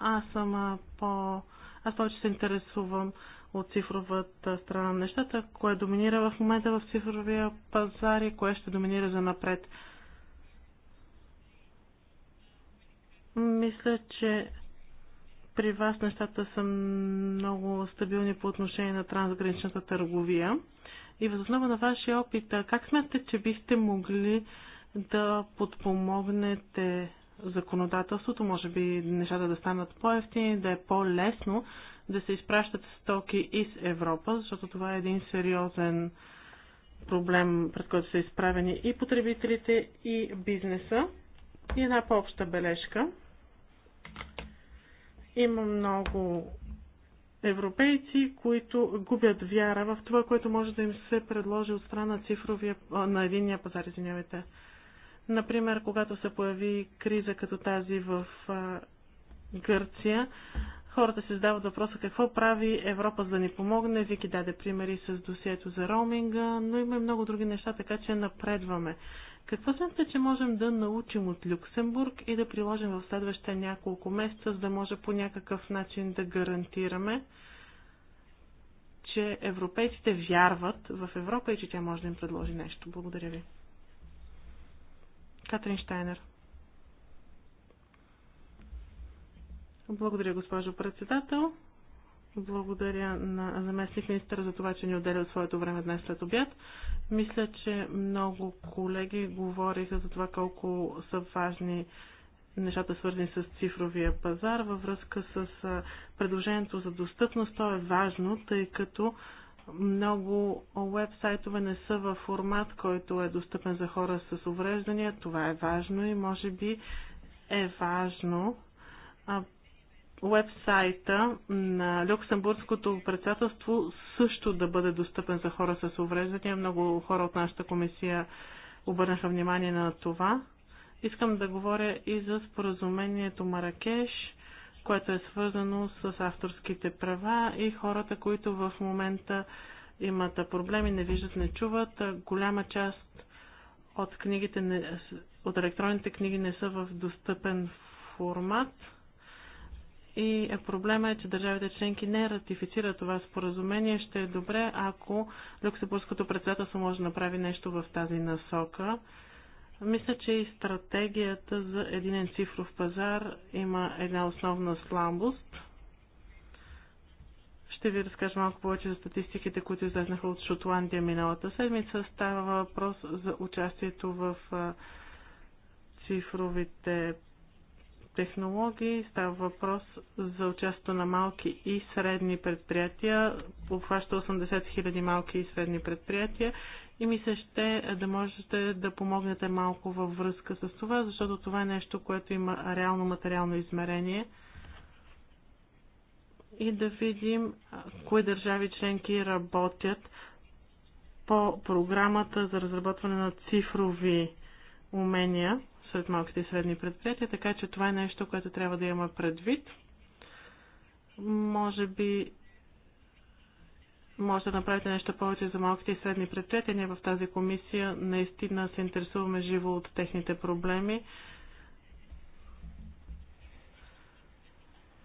Аз съм по... Аз повече се интересувам от цифровата страна на нещата, кое доминира в момента в цифровия пазар и кое ще доминира за напред. Мисля, че при вас нещата са много стабилни по отношение на трансграничната търговия. И възоснова на вашия опит, как смятате, че бихте могли да подпомогнете законодателството, може би нещата да станат по-ефтини, да е по-лесно да се изпращат стоки из Европа, защото това е един сериозен проблем, пред който са изправени и потребителите, и бизнеса. И една по-обща бележка. Има много европейци, които губят вяра в това, което може да им се предложи от страна на цифровия, на единния пазар, извинявайте. Например, когато се появи криза като тази в Гърция, хората се задават въпроса какво прави Европа за да ни помогне. Вики даде примери с досието за роуминга, но има и много други неща, така че напредваме. Какво смятате, че можем да научим от Люксембург и да приложим в следващите няколко месеца, за да може по някакъв начин да гарантираме, че европейците вярват в Европа и че тя може да им предложи нещо? Благодаря ви. Катрин Штайнер. Благодаря, госпожо председател. Благодаря на заместник министър за това, че ни отделя от своето време днес след обяд. Мисля, че много колеги говориха за това колко са важни нещата свързани с цифровия пазар във връзка с предложението за достъпност. То е важно, тъй като много уебсайтове не са в формат, който е достъпен за хора с увреждания. Това е важно и може би е важно уебсайта на Люксембургското председателство също да бъде достъпен за хора с увреждания. Много хора от нашата комисия обърнаха внимание на това. Искам да говоря и за споразумението Маракеш което е свързано с авторските права и хората, които в момента имат проблеми, не виждат, не чуват. Голяма част от книгите, не, от електронните книги не са в достъпен формат. И проблема е, че държавите членки не ратифицират това споразумение. Ще е добре, ако Люксембургското председателство може да направи нещо в тази насока. Мисля, че и стратегията за един цифров пазар има една основна слабост. Ще ви разкажа малко повече за статистиките, които излезнаха от Шотландия миналата седмица. Става въпрос за участието в цифровите технологии. Става въпрос за участието на малки и средни предприятия. Обхваща 80 000 малки и средни предприятия и ми се ще е, да можете да помогнете малко във връзка с това, защото това е нещо, което има реално материално измерение и да видим кои държави членки работят по програмата за разработване на цифрови умения сред малките и средни предприятия, така че това е нещо, което трябва да имаме предвид. Може би може да направите нещо повече за малките и средни предприятия. Ние в тази комисия наистина се интересуваме живо от техните проблеми.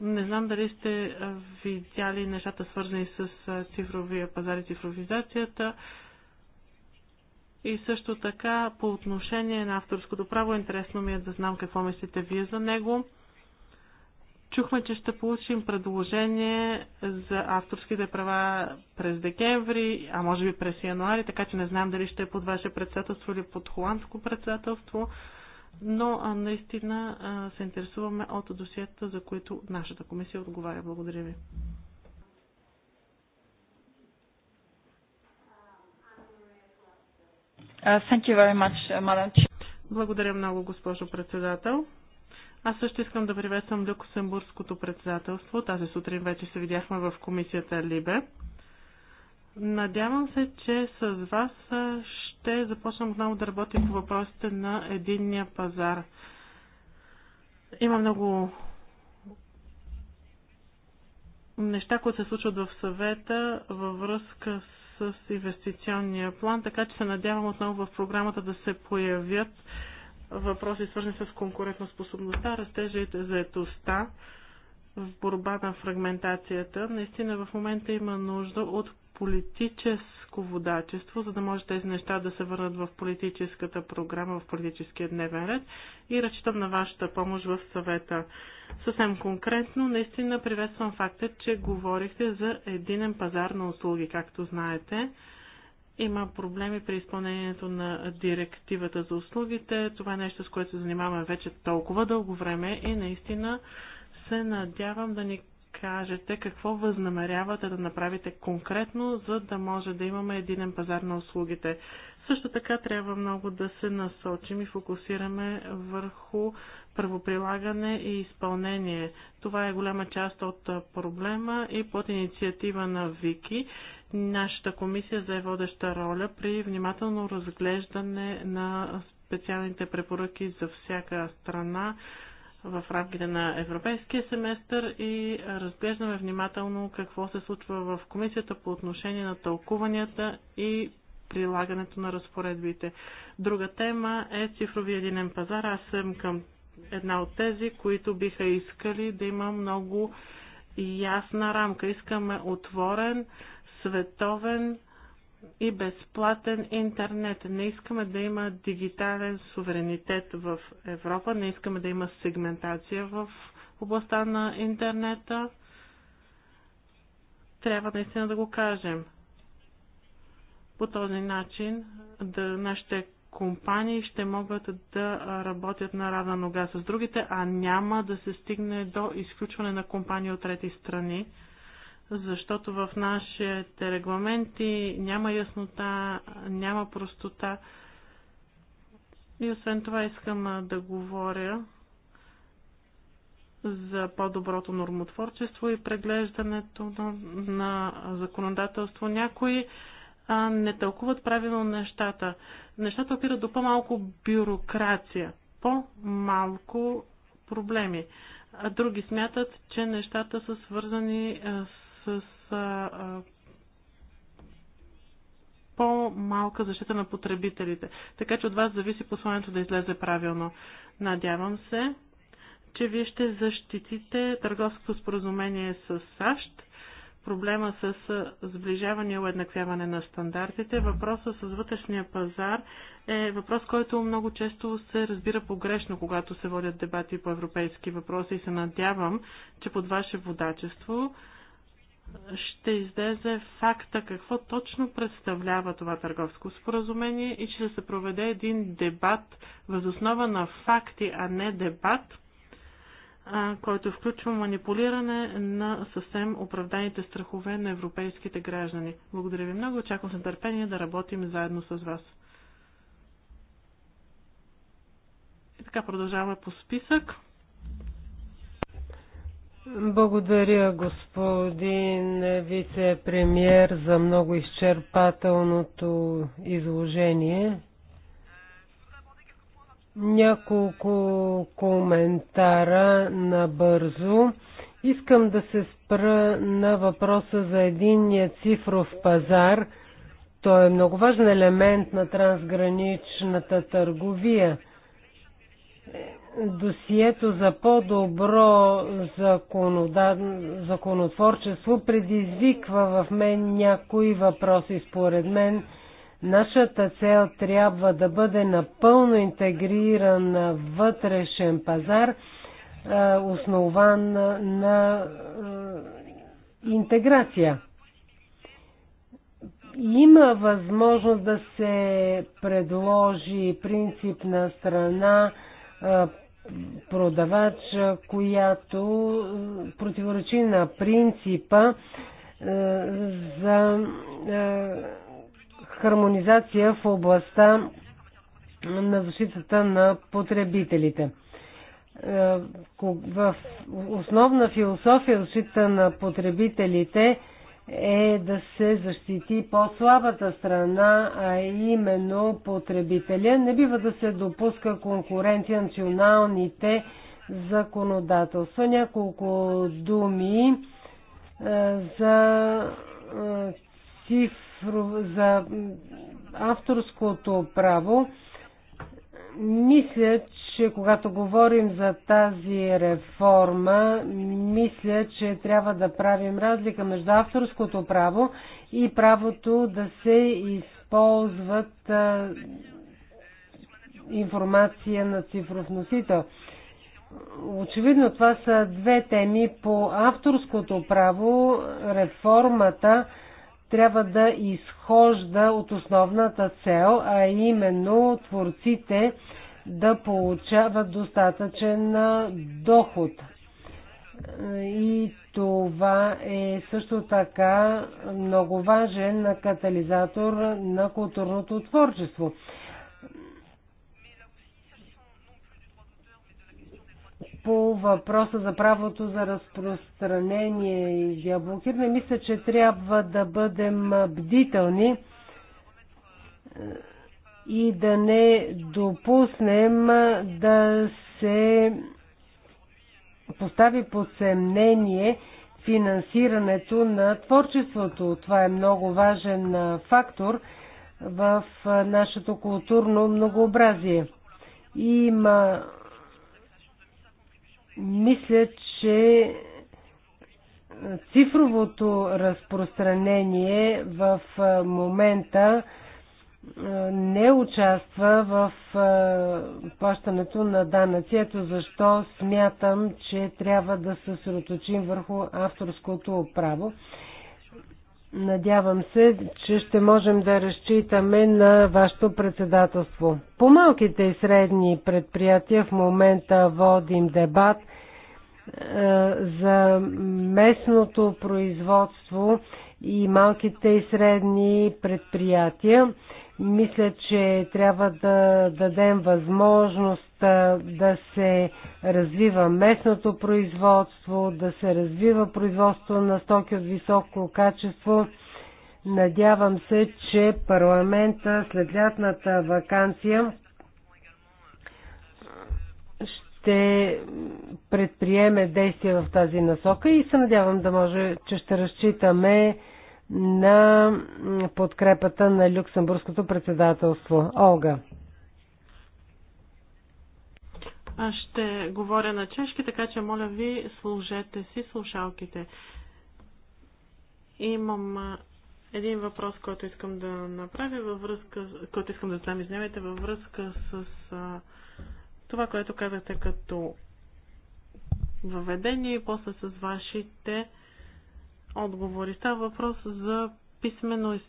Не знам дали сте видяли нещата свързани с цифровия пазар и цифровизацията. И също така по отношение на авторското право, интересно ми е да знам какво мислите вие за него. Чухме, че ще получим предложение за авторските права през декември, а може би през януари, така че не знам дали ще е под ваше председателство или под холандско председателство, но наистина се интересуваме от досиета, за които нашата комисия отговаря. Благодаря ви. Uh, uh, Благодаря много, госпожо председател. Аз също искам да приветствам Люксембургското председателство. Тази сутрин вече се видяхме в комисията Либе. Надявам се, че с вас ще започнем отново да работим по въпросите на единния пазар. Има много неща, които се случват в съвета във връзка с инвестиционния план, така че се надявам отново в програмата да се появят въпроси, свързани с конкурентоспособността, растежа и заетостта в борба на фрагментацията. Наистина в момента има нужда от политическо водачество, за да може тези неща да се върнат в политическата програма, в политическия дневен ред и разчитам на вашата помощ в съвета. Съвсем конкретно, наистина приветствам факта, че говорихте за единен пазар на услуги, както знаете. Има проблеми при изпълнението на директивата за услугите. Това е нещо, с което се занимаваме вече толкова дълго време и наистина се надявам да ни кажете какво възнамерявате да направите конкретно, за да може да имаме единен пазар на услугите. Също така трябва много да се насочим и фокусираме върху правоприлагане и изпълнение. Това е голяма част от проблема и под инициатива на Вики Нашата комисия за водеща роля при внимателно разглеждане на специалните препоръки за всяка страна в рамките на европейския семестър и разглеждаме внимателно какво се случва в комисията по отношение на тълкуванията и прилагането на разпоредбите. Друга тема е цифрови единен пазар. Аз съм към една от тези, които биха искали да има много ясна рамка. Искаме отворен, световен и безплатен интернет. Не искаме да има дигитален суверенитет в Европа, не искаме да има сегментация в областта на интернета. Трябва наистина да го кажем. По този начин да нашите компании ще могат да работят на равна нога с другите, а няма да се стигне до изключване на компании от трети страни защото в нашите регламенти няма яснота, няма простота. И освен това искам да говоря за по-доброто нормотворчество и преглеждането на, на законодателство. Някои а, не тълкуват правилно нещата. Нещата опират до по-малко бюрокрация, по-малко проблеми. А други смятат, че нещата са свързани с по-малка защита на потребителите. Така че от вас зависи посланието да излезе правилно. Надявам се, че вие ще защитите търговското споразумение с САЩ, проблема с сближаване и уеднаквяване на стандартите. Въпроса с вътрешния пазар е въпрос, който много често се разбира погрешно, когато се водят дебати по европейски въпроси и се надявам, че под ваше водачество ще излезе факта какво точно представлява това търговско споразумение и ще се проведе един дебат възоснова на факти, а не дебат, който включва манипулиране на съвсем оправданите страхове на европейските граждани. Благодаря ви много, очаквам с нетърпение да работим заедно с вас. И така продължаваме по списък. Благодаря, господин вице-премьер, за много изчерпателното изложение. Няколко коментара набързо. Искам да се спра на въпроса за единния цифров пазар. Той е много важен елемент на трансграничната търговия досието за по-добро законотворчество предизвиква в мен някои въпроси. Според мен нашата цел трябва да бъде напълно интегриран вътрешен пазар, е, основан на е, интеграция. Има възможност да се предложи принцип на страна е, продавач, която противоречи на принципа е, за е, хармонизация в областта на защитата на потребителите. Е, в основна философия защита на потребителите е да се защити по-слабата страна, а именно потребителя. Не бива да се допуска конкуренция националните законодателства. Няколко думи за, за авторското право. Мисля, че когато говорим за тази реформа, мисля, че трябва да правим разлика между авторското право и правото да се използват информация на цифров носител. Очевидно това са две теми. По авторското право реформата трябва да изхожда от основната цел, а именно творците да получават достатъчен доход. И това е също така много важен катализатор на културното творчество. по въпроса за правото за разпространение и диаблокиране, мисля, че трябва да бъдем бдителни и да не допуснем да се постави под съмнение финансирането на творчеството. Това е много важен фактор в нашето културно многообразие. Има мисля, че цифровото разпространение в момента не участва в плащането на данъци. Ето защо смятам, че трябва да се съсредоточим върху авторското право. Надявам се, че ще можем да разчитаме на вашето председателство. По малките и средни предприятия в момента водим дебат за местното производство и малките и средни предприятия. Мисля, че трябва да дадем възможност да се развива местното производство, да се развива производство на стоки от високо качество. Надявам се, че парламента след лятната вакансия ще предприеме действия в тази насока и се надявам да може, че ще разчитаме на подкрепата на Люксембургското председателство. Олга. Аз ще говоря на чешки, така че моля ви, служете си слушалките. Имам един въпрос, който искам да направя във връзка, който искам да знам, извинявайте, във връзка с а, това, което казахте като въведение и после с вашите отговори. Става въпрос за писмено,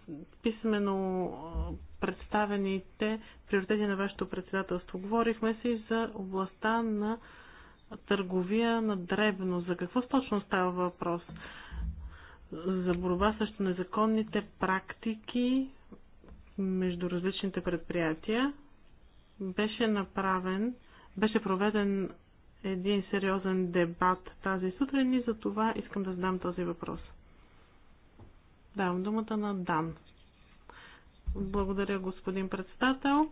писмено представените приоритети на вашето председателство. Говорихме си за областта на търговия на дребно. За какво точно става въпрос? За борба срещу незаконните практики между различните предприятия беше направен, беше проведен един сериозен дебат тази сутрин и за това искам да задам този въпрос. Давам думата на Дан. Благодаря, господин председател.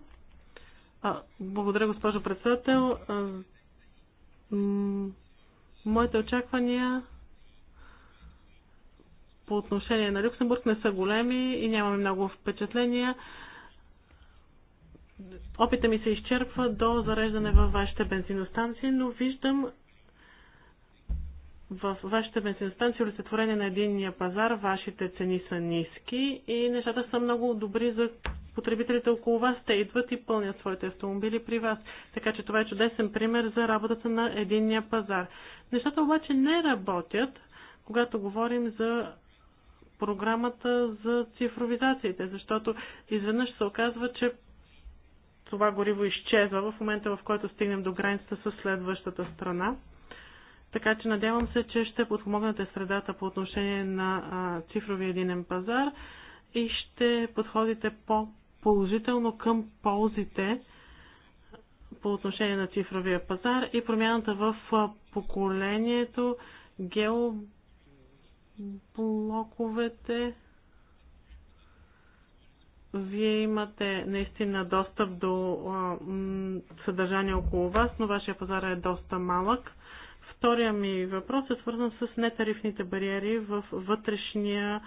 А, благодаря, госпожо председател. А, моите очаквания по отношение на Люксембург не са големи и нямаме много впечатления опита ми се изчерпва до зареждане във вашите бензиностанции, но виждам в вашите бензиностанции олицетворение на единния пазар, вашите цени са ниски и нещата са много добри за потребителите около вас. Те идват и пълнят своите автомобили при вас. Така че това е чудесен пример за работата на единния пазар. Нещата обаче не работят, когато говорим за програмата за цифровизациите, защото изведнъж се оказва, че това гориво изчезва в момента, в който стигнем до границата с следващата страна. Така че надявам се, че ще подпомогнете средата по отношение на а, цифрови единен пазар и ще подходите по-положително към ползите по отношение на цифровия пазар и промяната в поколението, геоблоковете вие имате наистина достъп до съдържание около вас, но вашия пазар е доста малък. Втория ми въпрос е свързан с нетарифните бариери в вътрешния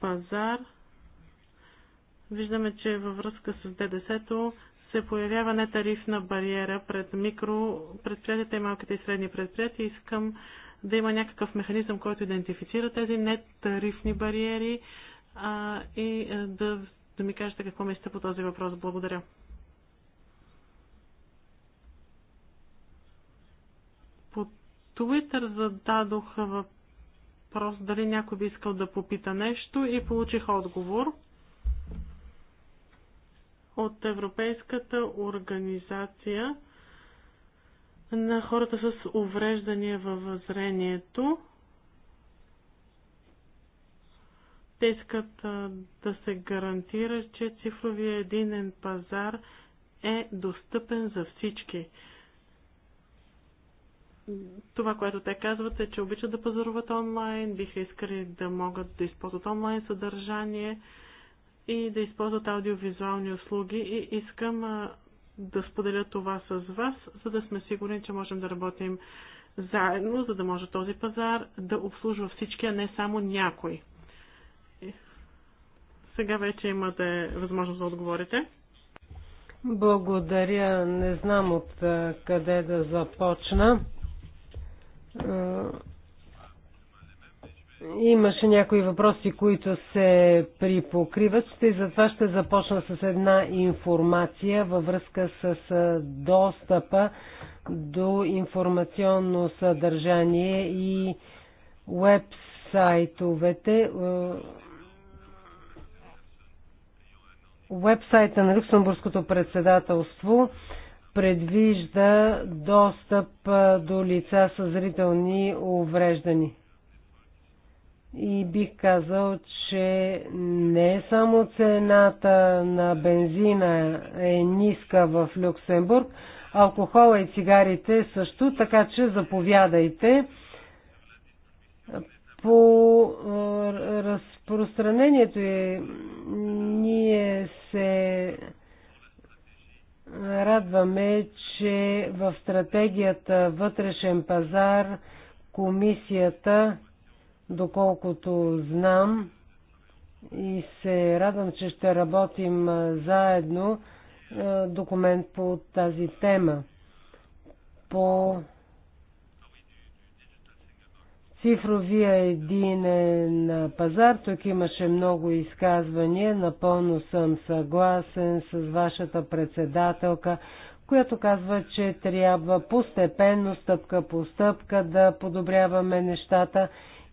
пазар. Виждаме, че във връзка с ДДС-то се появява нетарифна бариера пред микропредприятията и малките и средни предприятия. Искам да има някакъв механизъм, който идентифицира тези нетарифни бариери а, и да да ми кажете какво мислите по този въпрос. Благодаря. По Twitter зададох въпрос дали някой би искал да попита нещо и получих отговор от Европейската организация на хората с увреждания във зрението. Те искат да се гарантира, че цифровия единен пазар е достъпен за всички. Това, което те казват е, че обичат да пазаруват онлайн, биха искали да могат да използват онлайн съдържание и да използват аудиовизуални услуги и искам да споделя това с вас, за да сме сигурни, че можем да работим заедно, за да може този пазар да обслужва всички, а не само някой. Сега вече имате възможност да отговорите. Благодаря. Не знам от къде да започна. Имаше някои въпроси, които се припокриват и затова ще започна с една информация във връзка с достъпа до информационно съдържание и веб-сайтовете. Уебсайта на Люксембургското председателство предвижда достъп до лица с зрителни увреждани. И бих казал, че не само цената на бензина е ниска в Люксембург, алкохола и цигарите също, така че заповядайте по разпространението е, ние се радваме, че в стратегията вътрешен пазар комисията, доколкото знам, и се радвам, че ще работим заедно е, документ по тази тема. По цифровия единен пазар. Тук имаше много изказвания. Напълно съм съгласен с вашата председателка, която казва, че трябва постепенно, стъпка по стъпка да подобряваме нещата.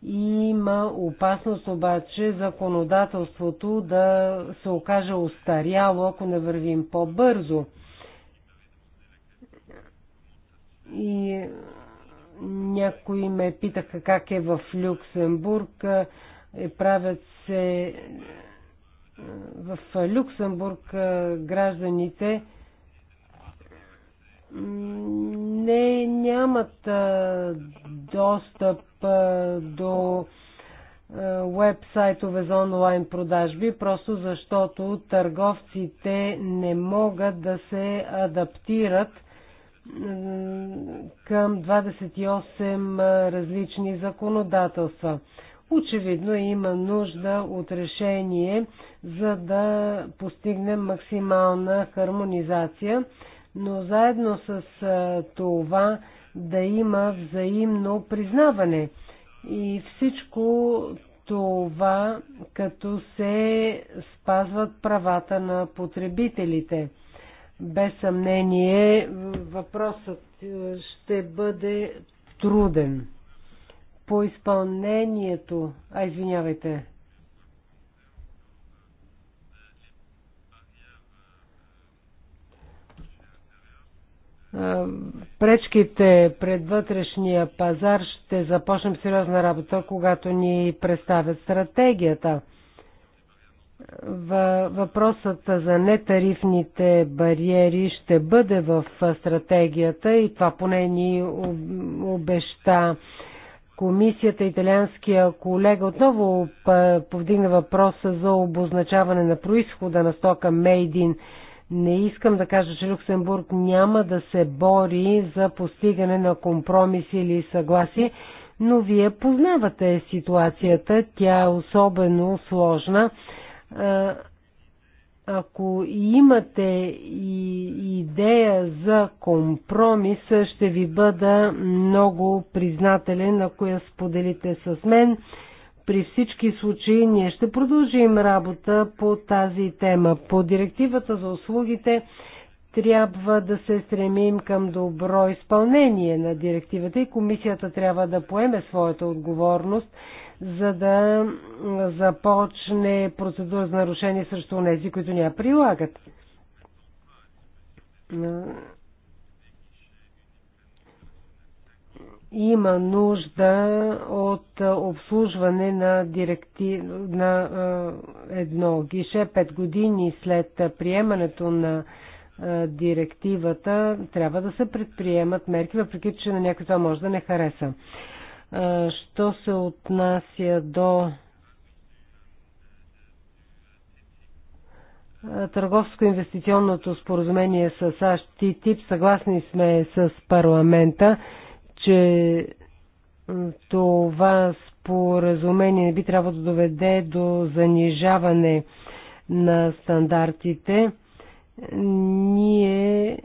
Има опасност обаче законодателството да се окаже устаряло, ако не вървим по-бързо. И някои ме питаха как е в Люксембург. Е, правят се е, в Люксембург е, гражданите не нямат достъп до вебсайтове за онлайн продажби, просто защото търговците не могат да се адаптират към 28 различни законодателства. Очевидно има нужда от решение, за да постигнем максимална хармонизация, но заедно с това да има взаимно признаване. И всичко това като се спазват правата на потребителите – без съмнение въпросът е, ще бъде труден. По изпълнението... А, извинявайте. Е, пречките пред вътрешния пазар ще започнем сериозна работа, когато ни представят стратегията. Въпросът за нетарифните бариери ще бъде в стратегията и това поне ни обеща комисията. Италианския колега отново повдигна въпроса за обозначаване на происхода на стока Made in. Не искам да кажа, че Люксембург няма да се бори за постигане на компромиси или съгласие, но вие познавате ситуацията. Тя е особено сложна е, ако имате и идея за компромис, ще ви бъда много признателен, ако я споделите с мен. При всички случаи ние ще продължим работа по тази тема. По директивата за услугите трябва да се стремим към добро изпълнение на директивата и комисията трябва да поеме своята отговорност за да започне процедура за нарушение срещу тези, които ни я прилагат. Има нужда от обслужване на, директи... на едно гише. Пет години след приемането на директивата трябва да се предприемат мерки, въпреки че на някой това може да не хареса. Що се отнася до търговско-инвестиционното споразумение с САЩ и ТИП, съгласни сме с парламента, че това споразумение не би трябвало да доведе до занижаване на стандартите. Ние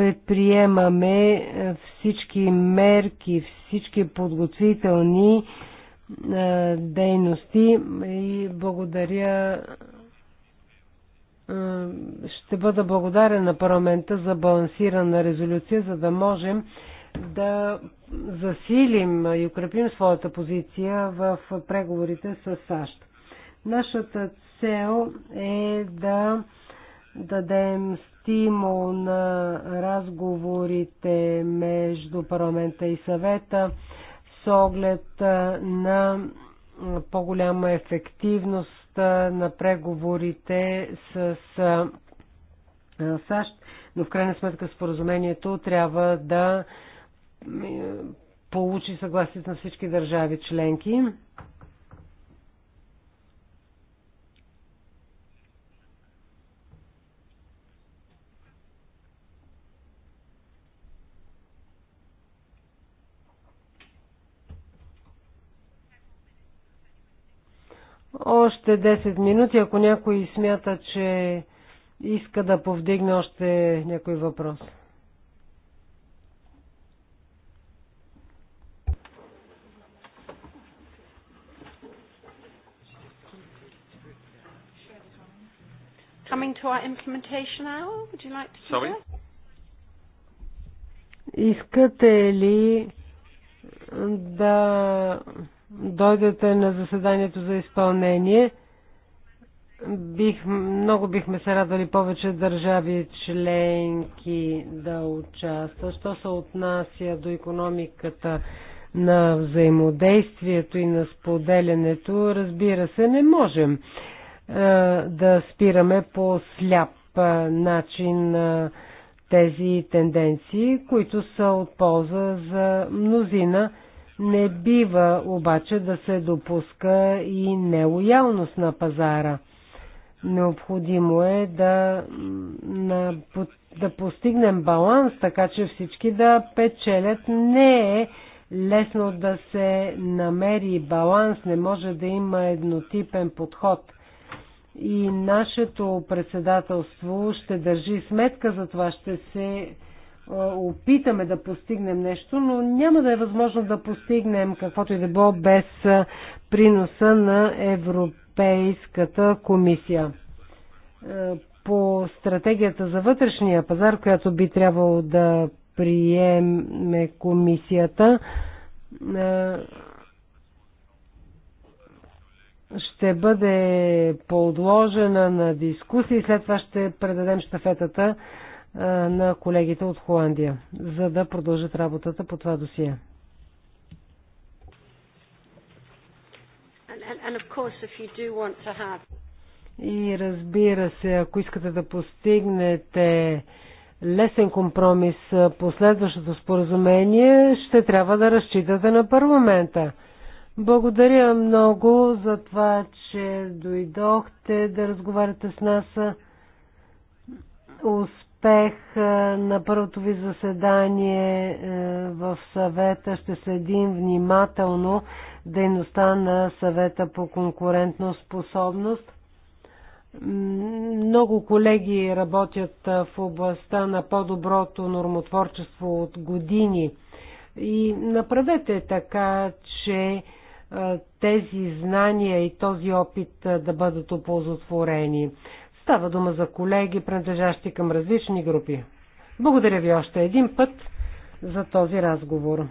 предприемаме е, всички мерки, всички подготвителни е, дейности и благодаря е, ще бъда благодарен на парламента за балансирана резолюция, за да можем да засилим и укрепим своята позиция в преговорите с САЩ. Нашата цел е да дадем стимул на разговорите между парламента и съвета с оглед на по-голяма ефективност на преговорите с САЩ, но в крайна сметка споразумението трябва да получи съгласието на всички държави членки. Още 10 минути, ако някой смята, че иска да повдигне още някой въпрос. Coming to our implementation hour, would you like to Sorry? Искате ли да дойдете на заседанието за изпълнение. Бих, много бихме се радвали повече държави членки да участват. Що се отнася до економиката на взаимодействието и на споделянето, разбира се, не можем е, да спираме по сляп е, начин е, тези тенденции, които са от полза за мнозина. Не бива обаче да се допуска и нелоялност на пазара. Необходимо е да, на, да постигнем баланс, така че всички да печелят. Не е лесно да се намери баланс, не може да има еднотипен подход. И нашето председателство ще държи сметка за това, ще се опитаме да постигнем нещо, но няма да е възможно да постигнем каквото и да било без приноса на Европейската комисия. По стратегията за вътрешния пазар, която би трябвало да приеме комисията, ще бъде подложена на дискусии, след това ще предадем штафетата е, на колегите от Холандия, за да продължат работата по това досие. И разбира се, ако искате да постигнете лесен компромис е, по следващото споразумение, ще трябва да разчитате на парламента. Благодаря много за това, че дойдохте да разговаряте с нас. Успех успех е, на първото ви заседание е, в съвета. Ще следим внимателно дейността на съвета по конкурентна способност. Много колеги работят е, в областта на по-доброто нормотворчество от години. И направете така, че тези знания и този опит да бъдат оползотворени. Става дума за колеги, принадлежащи към различни групи. Благодаря ви още един път за този разговор.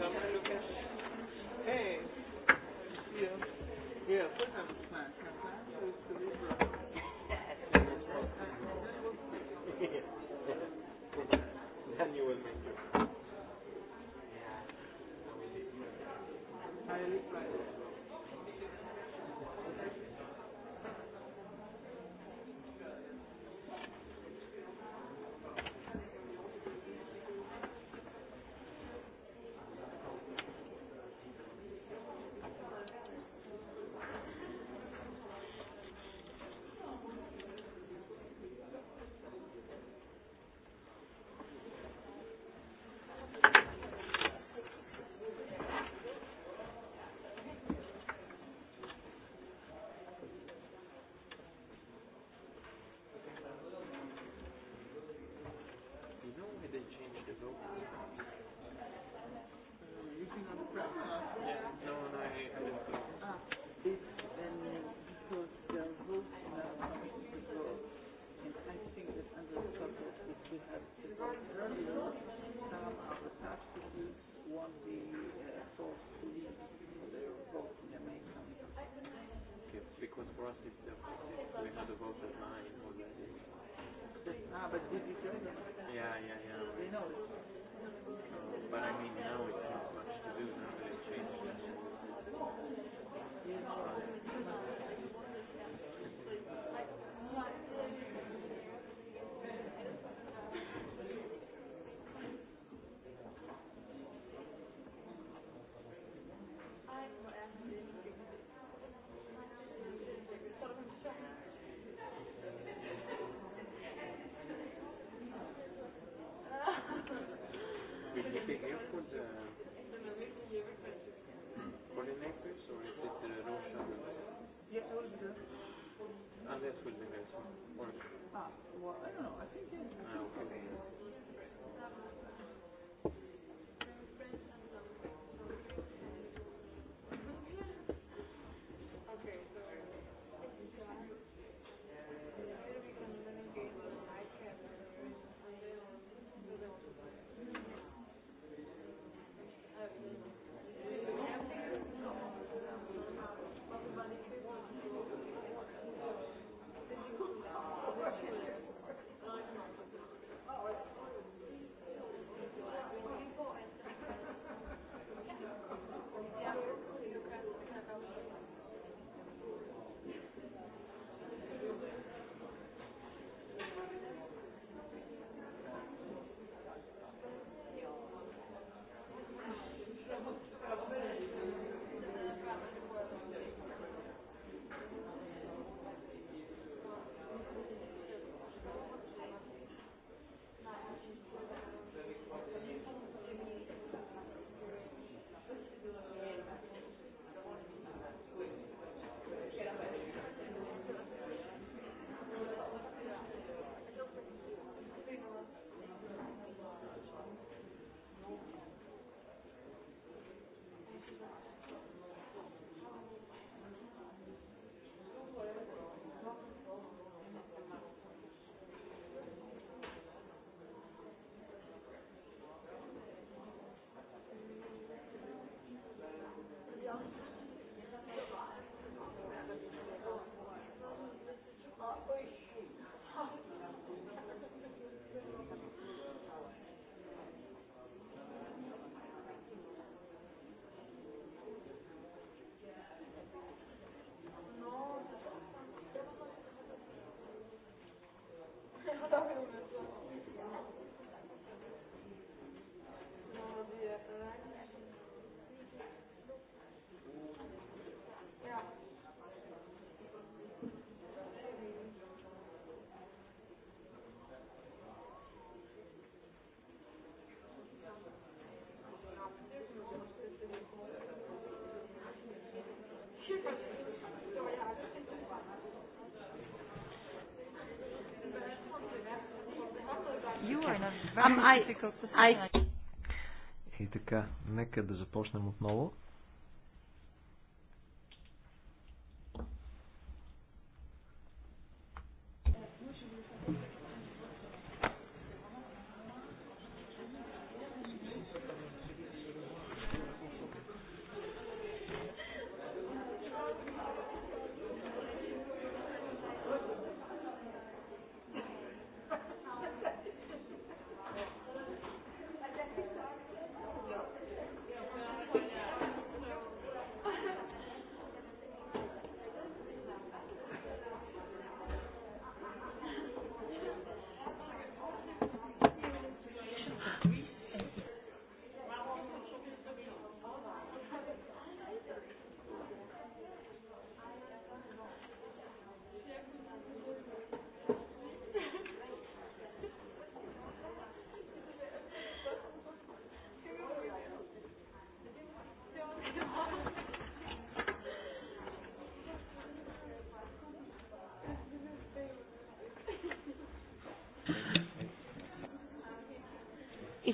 Lucas. they the Ah, it's and because the vote is I think that under the which we have earlier, some of the won't be uh, forced to leave their vote in the main for us it's we had a vote at nine already. Ah, but did you called the pollinators or is it the Roshan? Yeah, I was there. And that's with the guys. Or... Ah, well, I don't know. I think, yeah. Ah, okay. okay. И така, нека да започнем отново.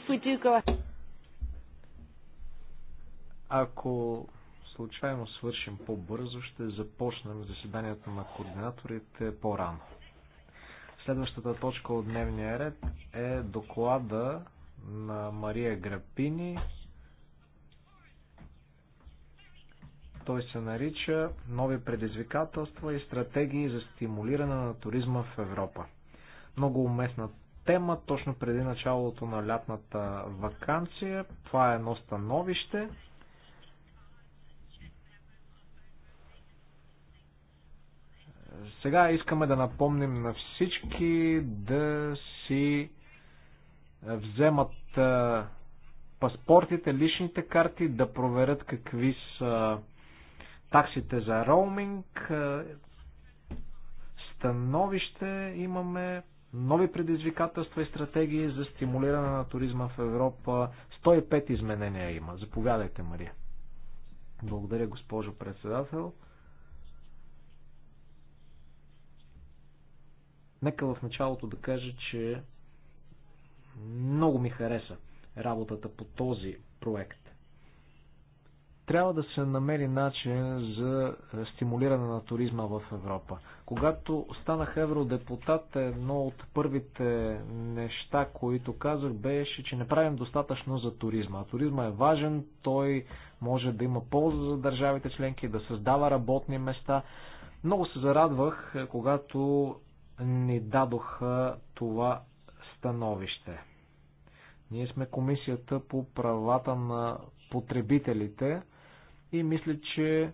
if we do go ahead... Ако случайно свършим по-бързо, ще започнем заседанието на координаторите по-рано. Следващата точка от дневния ред е доклада на Мария Грапини. Той се нарича Нови предизвикателства и стратегии за стимулиране на туризма в Европа. Много уместна тема точно преди началото на лятната вакансия. Това е едно становище. Сега искаме да напомним на всички да си вземат паспортите, личните карти, да проверят какви са таксите за роуминг. Становище имаме нови предизвикателства и стратегии за стимулиране на туризма в Европа. 105 изменения има. Заповядайте, Мария. Благодаря, госпожо председател. Нека в началото да кажа, че много ми хареса работата по този проект. Трябва да се намери начин за стимулиране на туризма в Европа. Когато станах евродепутат, едно от първите неща, които казах, беше, че не правим достатъчно за туризма. А туризма е важен, той може да има полза за държавите членки, да създава работни места. Много се зарадвах, когато ни дадоха това становище. Ние сме комисията по правата на потребителите и мисля, че е,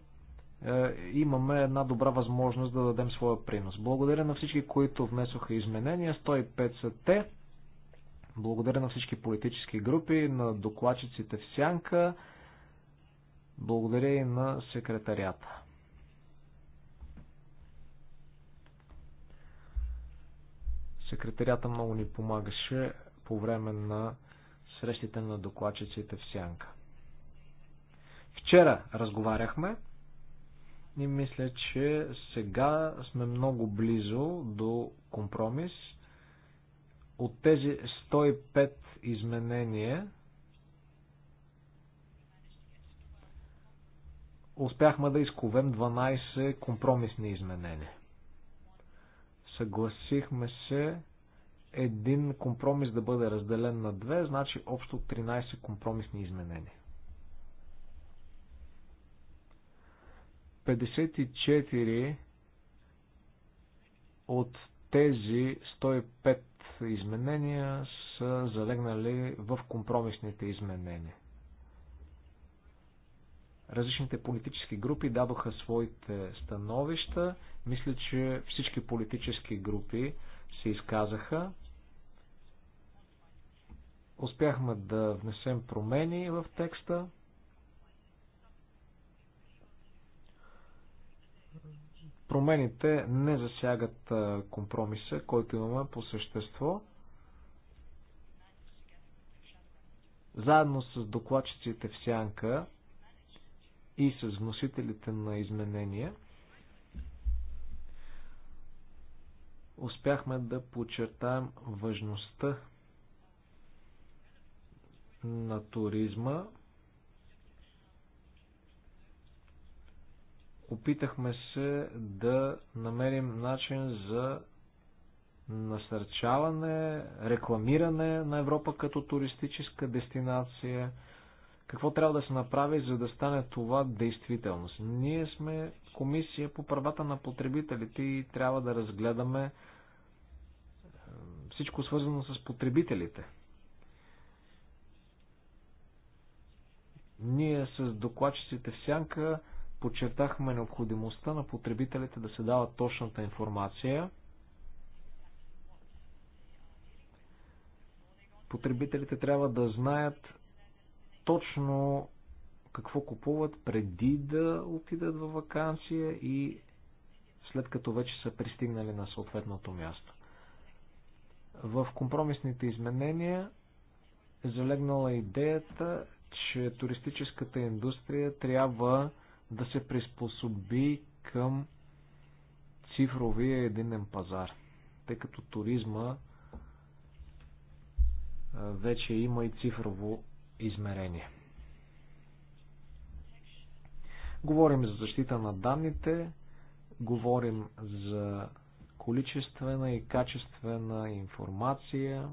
имаме една добра възможност да дадем своя принос. Благодаря на всички, които внесоха изменения. 105 са те. Благодаря на всички политически групи, на докладчиците в Сянка. Благодаря и на секретарията. Секретарията много ни помагаше по време на срещите на докладчиците в Сянка. Вчера разговаряхме и мисля, че сега сме много близо до компромис. От тези 105 изменения успяхме да изковем 12 компромисни изменения. Съгласихме се един компромис да бъде разделен на две, значи общо 13 компромисни изменения. 54 от тези 105 изменения са залегнали в компромисните изменения. Различните политически групи дадоха своите становища. Мисля, че всички политически групи се изказаха. Успяхме да внесем промени в текста. промените не засягат компромиса, който имаме по същество. Заедно с докладчиците в сянка и с вносителите на изменения, успяхме да подчертаем важността на туризма Опитахме се да намерим начин за насърчаване, рекламиране на Европа като туристическа дестинация. Какво трябва да се направи, за да стане това действителност? Ние сме комисия по правата на потребителите и трябва да разгледаме е, всичко свързано с потребителите. Ние с докладчиците в Сянка подчертахме необходимостта на потребителите да се дава точната информация. Потребителите трябва да знаят точно какво купуват преди да отидат във вакансия и след като вече са пристигнали на съответното място. В компромисните изменения е залегнала идеята, че туристическата индустрия трябва да се приспособи към цифровия единен пазар, тъй като туризма вече има и цифрово измерение. Говорим за защита на данните, говорим за количествена и качествена информация,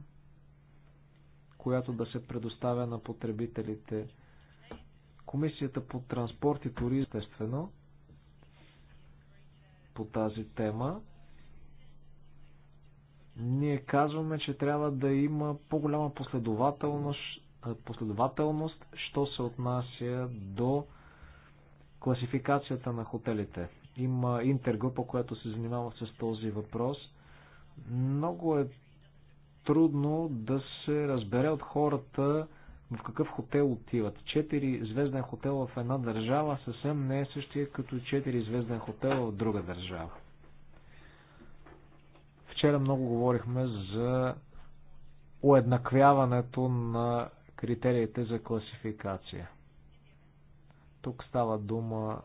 която да се предоставя на потребителите. Комисията по транспорт и туризм, естествено, по тази тема. Ние казваме, че трябва да има по-голяма последователност, последователност, що се отнася до класификацията на хотелите. Има интергрупа, която се занимава с този въпрос. Много е трудно да се разбере от хората, в какъв хотел отиват. Четири звезден хотел в една държава съвсем не е същия като четири звезден хотел в друга държава. Вчера много говорихме за уеднаквяването на критериите за класификация. Тук става дума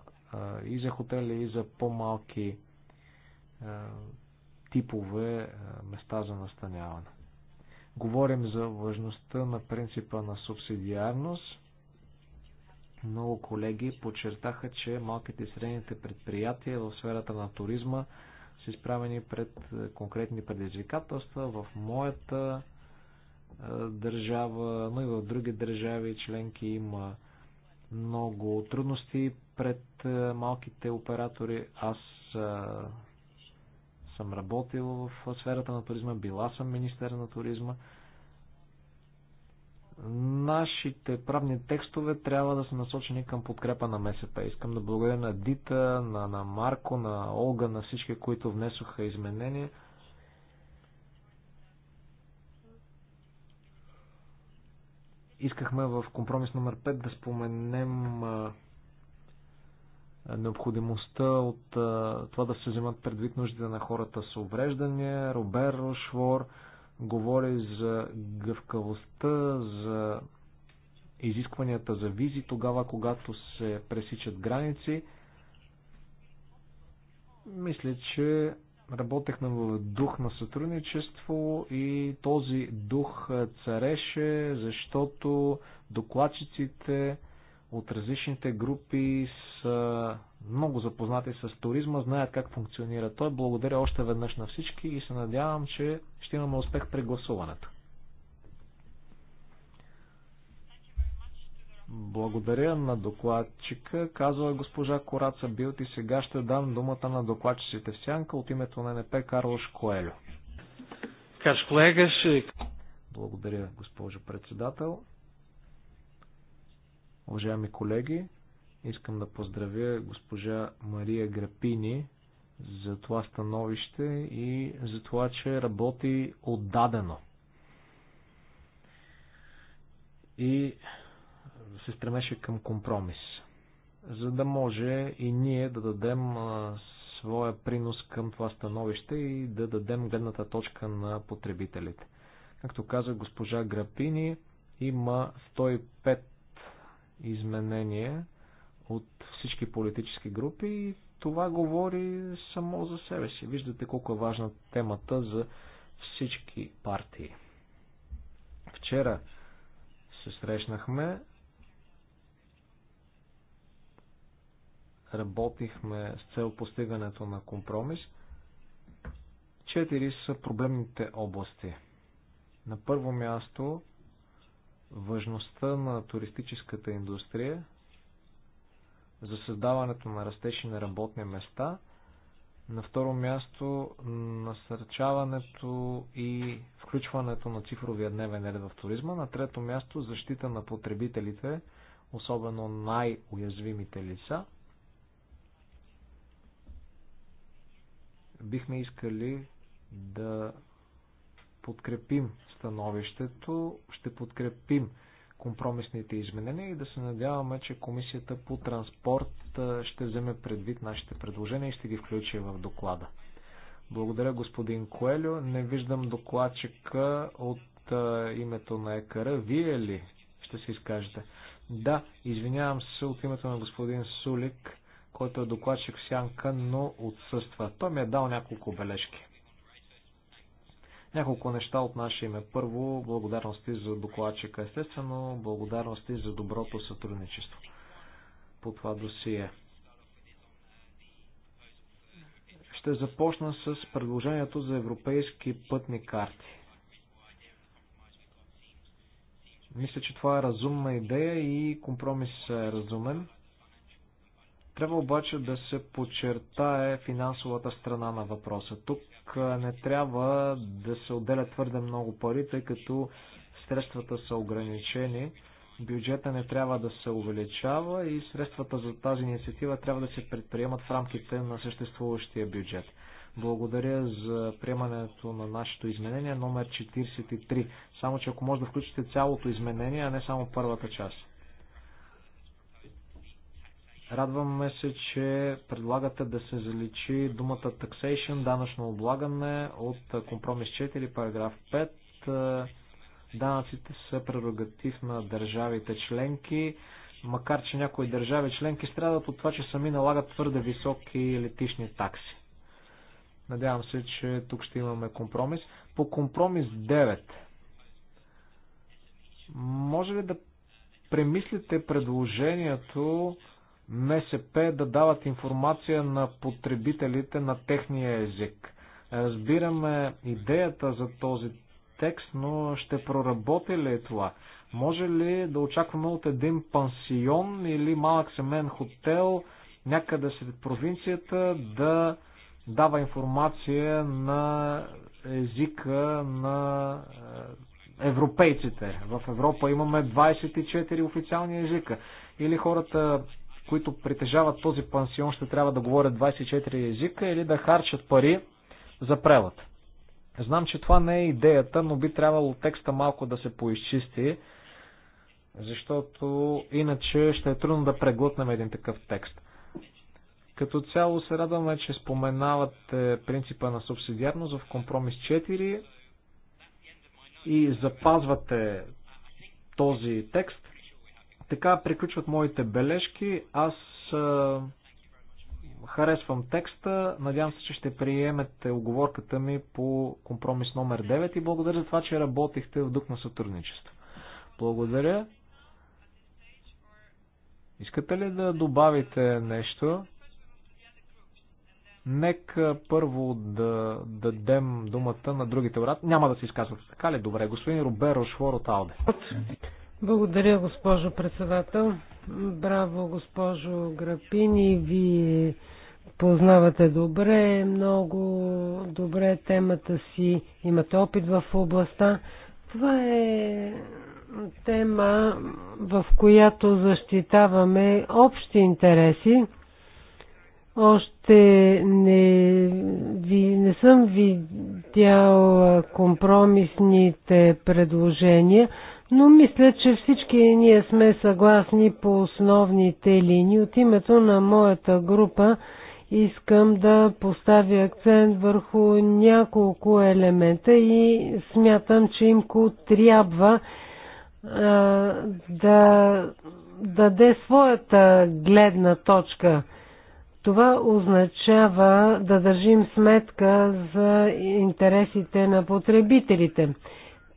и за хотели, и за по-малки типове места за настаняване. Говорим за важността на принципа на субсидиарност. Много колеги подчертаха, че малките и средните предприятия в сферата на туризма са изправени пред е, конкретни предизвикателства. В моята е, държава, но и в други държави членки има много трудности пред е, малките оператори. Аз съм работил в сферата на туризма, била съм министър на туризма. Нашите правни текстове трябва да са насочени към подкрепа на МСП. Искам да благодаря на Дита, на, на Марко, на Олга, на всички, които внесоха изменения. Искахме в компромис номер 5 да споменем е, необходимостта от е, това да се вземат предвид нуждите на хората с увреждания. Робер Рошвор говори за гъвкавостта, за изискванията за визи тогава, когато се пресичат граници. Мисля, че работехме в дух на сътрудничество и този дух е, цареше, защото докладчиците от различните групи са много запознати с туризма, знаят как функционира той. Благодаря още веднъж на всички и се надявам, че ще имаме успех при гласуването. Благодаря на докладчика, казва госпожа Кораца Билт и сега ще дам думата на докладчиците в сянка от името на НП Карлош Коелю. Каш е- Благодаря, госпожо председател. Уважаеми колеги, искам да поздравя госпожа Мария Грапини за това становище и за това, че работи отдадено. И се стремеше към компромис, за да може и ние да дадем своя принос към това становище и да дадем гледната точка на потребителите. Както каза госпожа Грапини, има 105 изменения от всички политически групи и това говори само за себе си. Виждате колко е важна темата за всички партии. Вчера се срещнахме, работихме с цел постигането на компромис. Четири са проблемните области. На първо място важността на туристическата индустрия за създаването на растещи на работни места. На второ място насърчаването и включването на цифровия дневен ред в туризма. На трето място защита на потребителите, особено най-уязвимите лица. Бихме искали да подкрепим становището. Ще подкрепим компромисните изменения и да се надяваме, че Комисията по транспорт ще вземе предвид нашите предложения и ще ги включи в доклада. Благодаря господин Коелю. Не виждам докладчика от а, името на екара. Вие ли ще се изкажете? Да, извинявам се от името на господин Сулик, който е докладчик в Сянка, но отсъства. Той ми е дал няколко бележки. Няколко неща от наше име. Първо, благодарности за докладчика, естествено, благодарности за доброто сътрудничество по това досие. Ще започна с предложението за европейски пътни карти. Мисля, че това е разумна идея и компромис е разумен. Трябва обаче да се подчертае финансовата страна на въпроса. Тук не трябва да се отделя твърде много пари, тъй като средствата са ограничени, бюджета не трябва да се увеличава и средствата за тази инициатива трябва да се предприемат в рамките на съществуващия бюджет. Благодаря за приемането на нашето изменение номер 43. Само, че ако може да включите цялото изменение, а не само първата част. Радваме се, че предлагате да се заличи думата taxation, данъчно облагане от компромис 4, параграф 5. Данъците са прерогатив на държавите членки, макар че някои държави членки страдат от това, че сами налагат твърде високи летишни такси. Надявам се, че тук ще имаме компромис. По компромис 9. Може ли да премислите предложението МСП да дават информация на потребителите на техния език. Разбираме идеята за този текст, но ще проработи ли е това? Може ли да очакваме от един пансион или малък семен хотел някъде след провинцията да дава информация на езика на е, европейците. В Европа имаме 24 официални езика. Или хората които притежават този пансион, ще трябва да говорят 24 езика или да харчат пари за превод. Знам, че това не е идеята, но би трябвало текста малко да се поизчисти, защото иначе ще е трудно да преглътнем един такъв текст. Като цяло се радваме, че споменават принципа на субсидиарност в компромис 4 и запазвате този текст. Така приключват моите бележки. Аз харесвам текста. Надявам се, че ще приемете оговорката ми по компромис номер 9 и благодаря за това, че работихте в дух на сътрудничество. Благодаря. Искате ли да добавите нещо? Нека първо да дадем думата на другите врата. Няма да се изказват. Така ли? Добре. Господин Робер Рошвор от Алде. Благодаря, госпожо председател. Браво, госпожо Грапини. Вие познавате добре, много добре темата си, имате опит в областта. Това е тема, в която защитаваме общи интереси. Още не, ви, не съм видял компромисните предложения но мисля, че всички ние сме съгласни по основните линии. От името на моята група искам да поставя акцент върху няколко елемента и смятам, че имко трябва а, да даде своята гледна точка. Това означава да държим сметка за интересите на потребителите.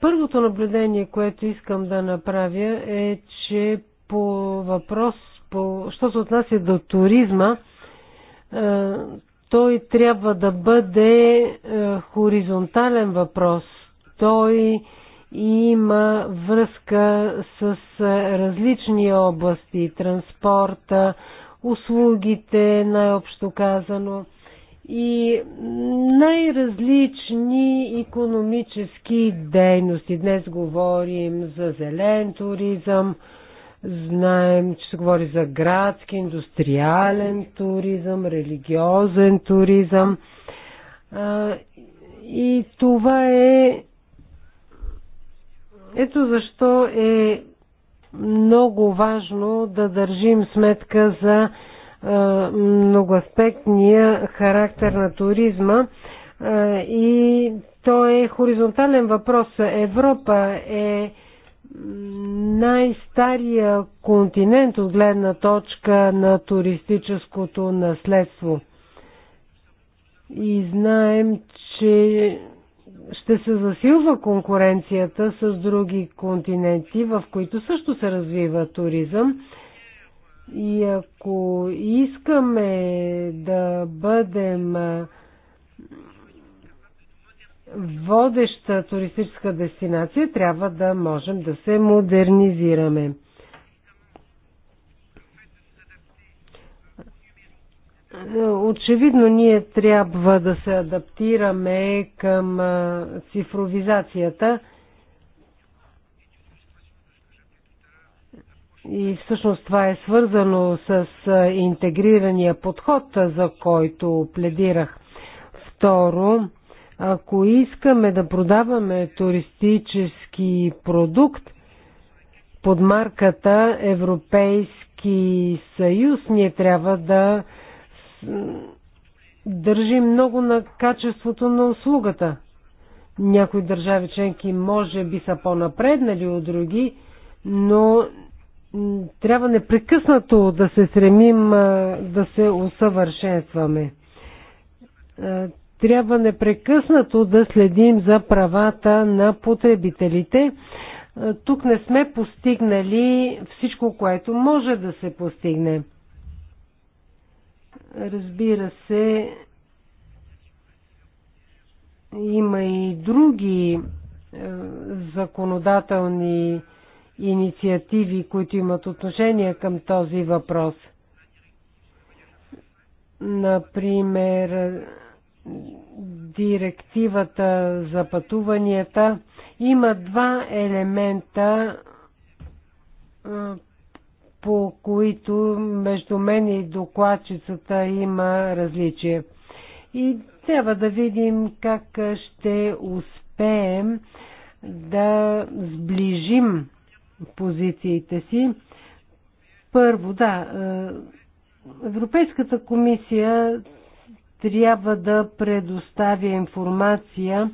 Първото наблюдение, което искам да направя е, че по въпрос, по, що се отнася до туризма, е, той трябва да бъде е, хоризонтален въпрос. Той има връзка с е, различни области, транспорта, услугите, най-общо казано и най-различни економически дейности. Днес говорим за зелен туризъм, знаем, че се говори за градски, индустриален туризъм, религиозен туризъм. И това е. Ето защо е много важно да държим сметка за многоаспектния характер на туризма и то е хоризонтален въпрос. Европа е най-стария континент от гледна точка на туристическото наследство. И знаем, че ще се засилва конкуренцията с други континенти, в които също се развива туризъм и ако искаме да бъдем водеща туристическа дестинация, трябва да можем да се модернизираме. Очевидно ние трябва да се адаптираме към цифровизацията – И всъщност това е свързано с интегрирания подход, за който пледирах. Второ, ако искаме да продаваме туристически продукт под марката Европейски съюз, ние трябва да държим много на качеството на услугата. Някои държави членки може би са по-напреднали от други, но трябва непрекъснато да се стремим да се усъвършенстваме. Трябва непрекъснато да следим за правата на потребителите. Тук не сме постигнали всичко, което може да се постигне. Разбира се, има и други законодателни инициативи, които имат отношение към този въпрос. Например, директивата за пътуванията има два елемента, по които между мен и докладчицата има различие. И трябва да видим как ще успеем да сближим позициите си. Първо, да, е, Европейската комисия трябва да предоставя информация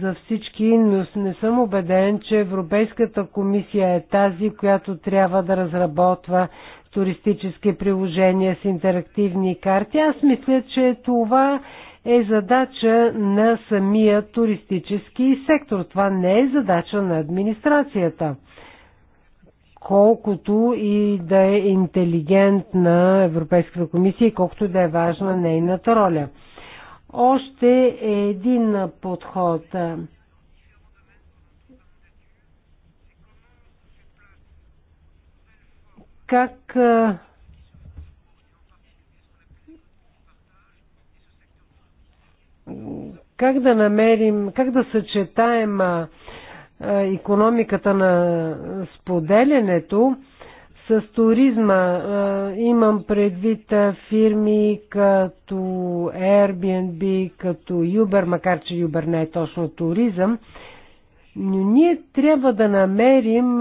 за всички, но не съм убеден, че Европейската комисия е тази, която трябва да разработва туристически приложения с интерактивни карти. Аз мисля, че това е задача на самия туристически сектор. Това не е задача на администрацията колкото и да е интелигентна Европейската комисия и колкото да е важна нейната роля. Още е един подход. Как как да намерим, как да съчетаем економиката на споделянето с туризма. Имам предвид фирми като Airbnb, като Uber, макар че Uber не е точно туризъм, но ние трябва да намерим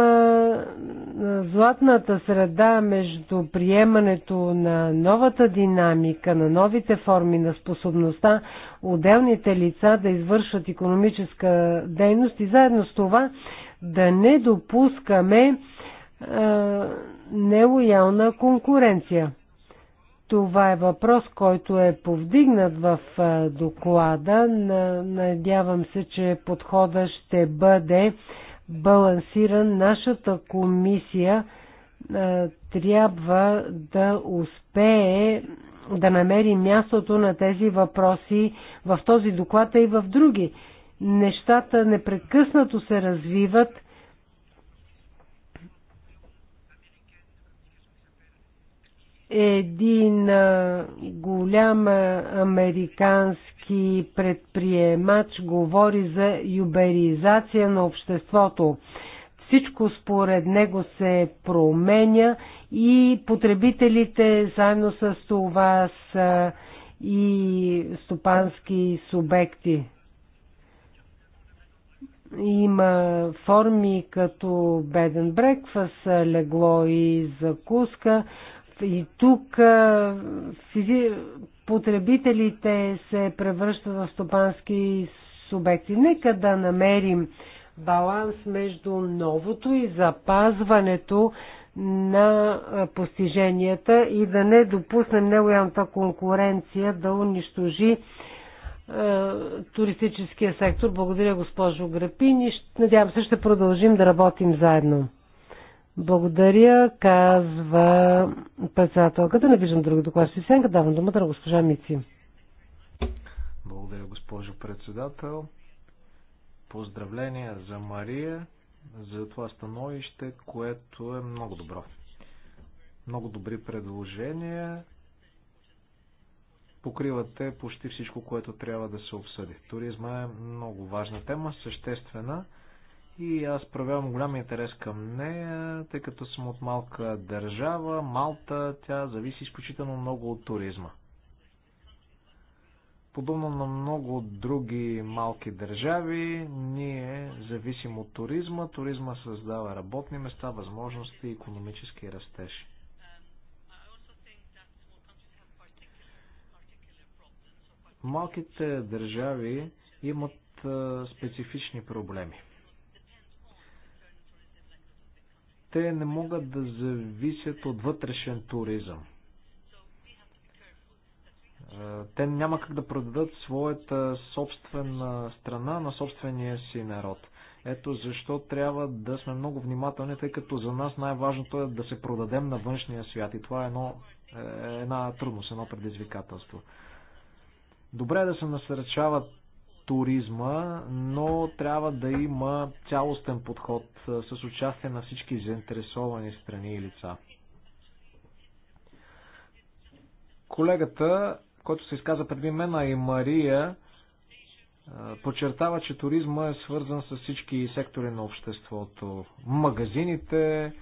златната среда между приемането на новата динамика, на новите форми на способността, отделните лица да извършват економическа дейност и заедно с това да не допускаме нелоялна конкуренция. Това е въпрос, който е повдигнат в доклада. Надявам се, че подхода ще бъде балансиран. Нашата комисия трябва да успее да намери мястото на тези въпроси в този доклад, и в други. Нещата непрекъснато се развиват – един голям американски предприемач говори за юберизация на обществото. Всичко според него се променя и потребителите заедно с това са и стопански субекти. Има форми като беден брекфас, легло и закуска, и тук физи... потребителите се превръщат в стопански субекти. Нека да намерим баланс между новото и запазването на постиженията и да не допуснем нелоялната конкуренция да унищожи туристическия сектор. Благодаря, госпожо Грапини. Надявам се, ще продължим да работим заедно. Благодаря, казва председателката. Не виждам друга доклад. Сенка давам думата на госпожа Мици. Благодаря, госпожо председател. Поздравления за Мария, за това становище, което е много добро. Много добри предложения. Покривате почти всичко, което трябва да се обсъди. Туризма е много важна тема, съществена и аз проявявам голям интерес към нея, тъй като съм от малка държава, Малта, тя зависи изключително много от туризма. Подобно на много други малки държави, ние зависим от туризма. Туризма създава работни места, възможности и економически растеж. Малките държави имат специфични проблеми. те не могат да зависят от вътрешен туризъм. Те няма как да продадат своята собствена страна на собствения си народ. Ето защо трябва да сме много внимателни, тъй като за нас най-важното е да се продадем на външния свят. И това е едно, е, е една трудност, едно предизвикателство. Добре е да се насърчават туризма, но трябва да има цялостен подход с участие на всички заинтересовани страни и лица. Колегата, който се изказа преди мен, а и Мария, подчертава, че туризма е свързан с всички сектори на обществото. Магазините,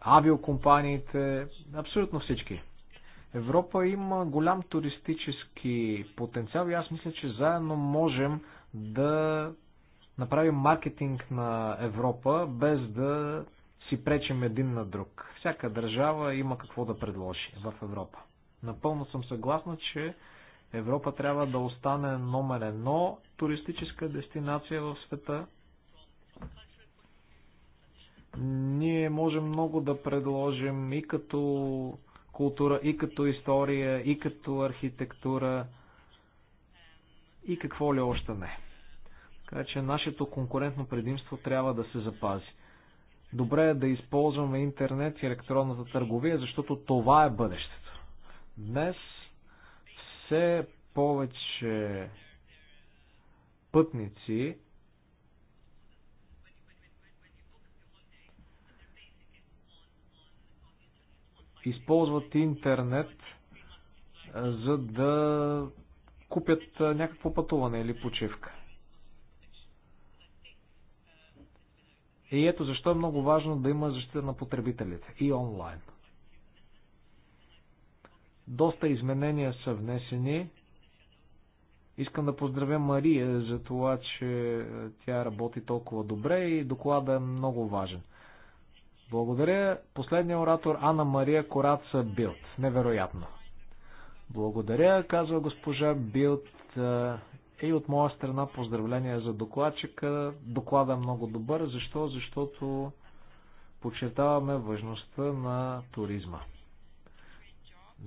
авиокомпаниите, абсолютно всички. Европа има голям туристически потенциал и аз мисля, че заедно можем да направим маркетинг на Европа, без да си пречим един на друг. Всяка държава има какво да предложи в Европа. Напълно съм съгласна, че Европа трябва да остане номер едно туристическа дестинация в света. Ние можем много да предложим и като култура, и като история, и като архитектура, и какво ли още не. Така че нашето конкурентно предимство трябва да се запази. Добре е да използваме интернет и електронната търговия, защото това е бъдещето. Днес все повече пътници използват интернет, за да купят някакво пътуване или почивка. И ето защо е много важно да има защита на потребителите и онлайн. Доста изменения са внесени. Искам да поздравя Мария за това, че тя работи толкова добре и доклада е много важен. Благодаря. Последния оратор Анна Мария Кораца Билт. Невероятно. Благодаря, казва госпожа Билт. Е, и от моя страна поздравления за докладчика. Доклада е много добър. Защо? Защото подчертаваме важността на туризма.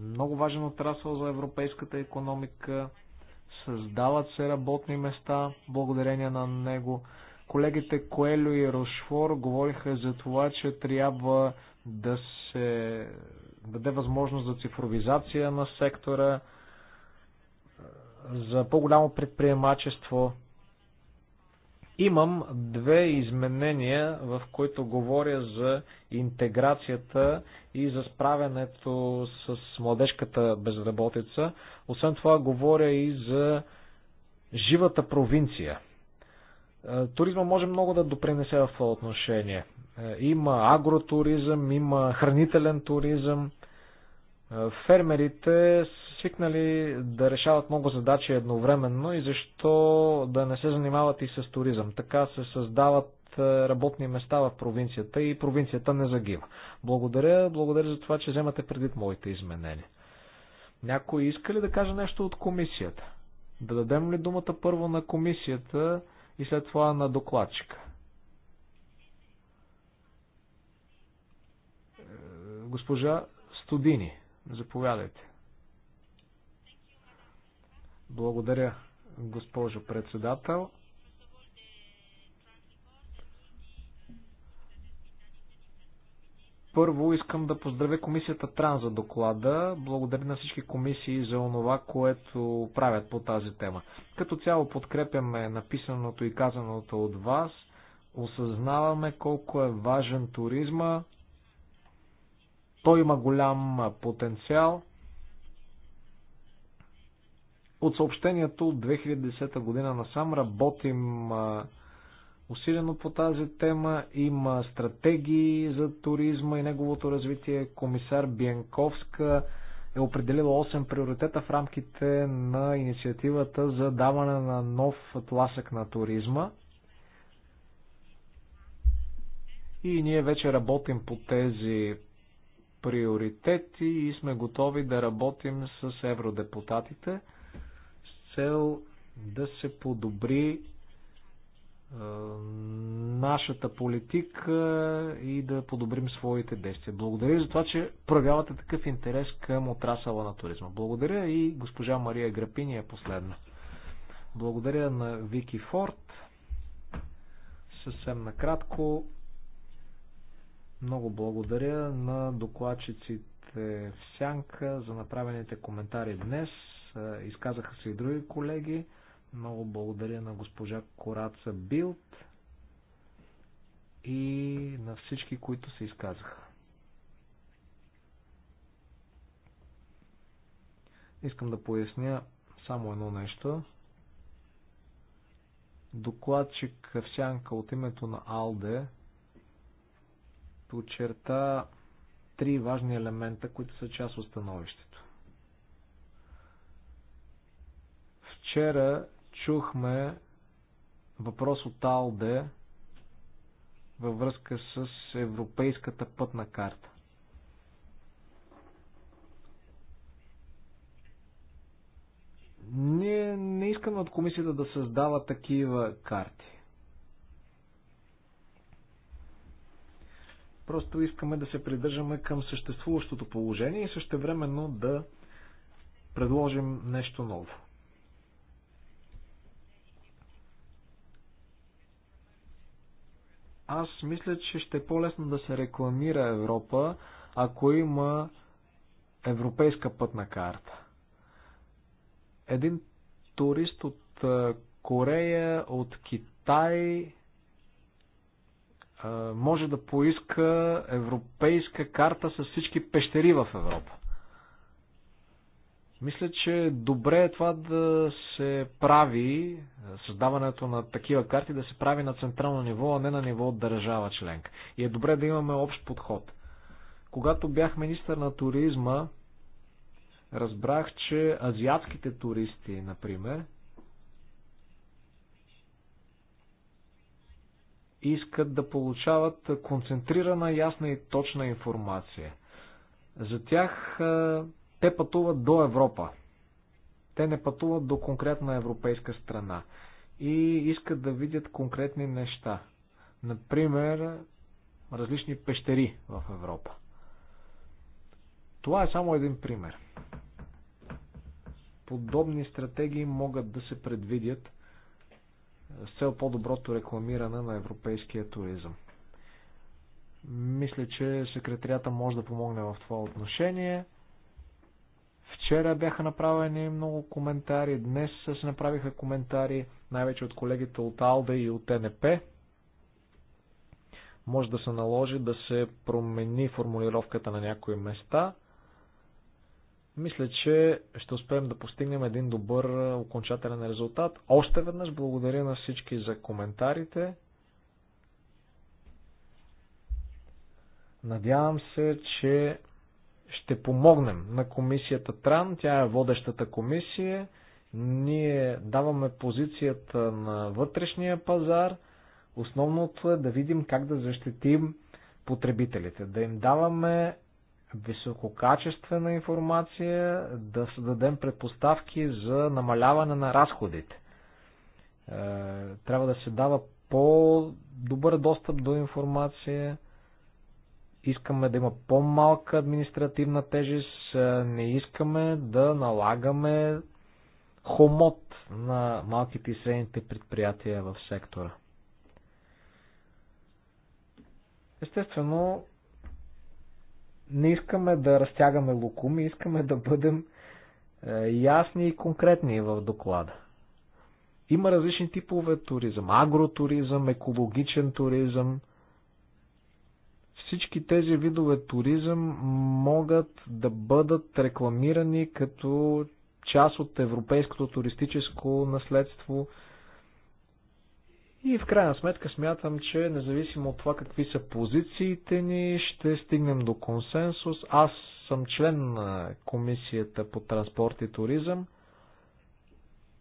Много важен отрасъл за европейската економика. Създават се работни места благодарение на него. Колегите Коелю и Рошфор говориха за това, че трябва да се даде възможност за цифровизация на сектора, за по-голямо предприемачество. Имам две изменения, в които говоря за интеграцията и за справянето с младежката безработица. Освен това говоря и за живата провинция. Е, туризма може много да допринесе в това отношение. Е, има агротуризъм, има хранителен туризъм. Е, фермерите са свикнали да решават много задачи едновременно и защо да не се занимават и с туризъм. Така се създават работни места в провинцията и провинцията не загива. Благодаря, благодаря за това, че вземате предвид моите изменения. Някой иска ли да каже нещо от комисията? Да дадем ли думата първо на комисията? и след това на докладчика. Е, госпожа Студини, заповядайте. Благодаря, госпожо председател. Първо искам да поздравя комисията Тран за доклада. Благодаря на всички комисии за онова, което правят по тази тема. Като цяло подкрепяме написаното и казаното от вас. Осъзнаваме колко е важен туризма. Той има голям потенциал. От съобщението от 2010 година насам работим усилено по тази тема. Има стратегии за туризма и неговото развитие. Комисар Бянковска е определила 8 приоритета в рамките на инициативата за даване на нов тласък на туризма. И ние вече работим по тези приоритети и сме готови да работим с евродепутатите с цел да се подобри нашата политика и да подобрим своите действия. Благодаря за това, че проявявате такъв интерес към отрасъла на туризма. Благодаря и госпожа Мария Грапини е последна. Благодаря на Вики Форд. Съвсем накратко. Много благодаря на докладчиците в Сянка за направените коментари днес. Изказаха се и други колеги. Много благодаря на госпожа Кораца Билт и на всички, които се изказаха. Искам да поясня само едно нещо. Докладчик Сянка от името на Алде подчерта три важни елемента, които са част от становището. Вчера Чухме въпрос от Алде във връзка с европейската пътна карта. Ние не искаме от комисията да създава такива карти. Просто искаме да се придържаме към съществуващото положение и същевременно да предложим нещо ново. Аз мисля, че ще е по-лесно да се рекламира Европа, ако има европейска пътна карта. Един турист от Корея, от Китай може да поиска европейска карта с всички пещери в Европа. Мисля, че добре е това да се прави, е, създаването на такива карти да се прави на централно ниво, а не на ниво от държава членка. И е добре да имаме общ подход. Когато бях министър на туризма, разбрах, че азиатските туристи, например, искат да получават концентрирана, ясна и точна информация. За тях е, те пътуват до Европа. Те не пътуват до конкретна европейска страна и искат да видят конкретни неща. Например, различни пещери в Европа. Това е само един пример. Подобни стратегии могат да се предвидят с цел по-доброто рекламиране на европейския туризъм. Мисля, че секретарията може да помогне в това отношение. Вчера бяха направени много коментари, днес се направиха коментари, най-вече от колегите от Алда и от ТНП. Може да се наложи да се промени формулировката на някои места. Мисля, че ще успеем да постигнем един добър окончателен резултат. Още веднъж благодаря на всички за коментарите. Надявам се, че ще помогнем на комисията Тран, тя е водещата комисия, ние даваме позицията на вътрешния пазар, основното е да видим как да защитим потребителите, да им даваме висококачествена информация, да създадем предпоставки за намаляване на разходите. Е, трябва да се дава по-добър достъп до информация, искаме да има по-малка административна тежест, не искаме да налагаме хомот на малките и средните предприятия в сектора. Естествено, не искаме да разтягаме лукуми, искаме да бъдем е, ясни и конкретни в доклада. Има различни типове туризъм. Агротуризъм, екологичен туризъм всички тези видове туризъм могат да бъдат рекламирани като част от европейското туристическо наследство. И в крайна сметка смятам, че независимо от това какви са позициите ни, ще стигнем до консенсус. Аз съм член на Комисията по транспорт и туризъм.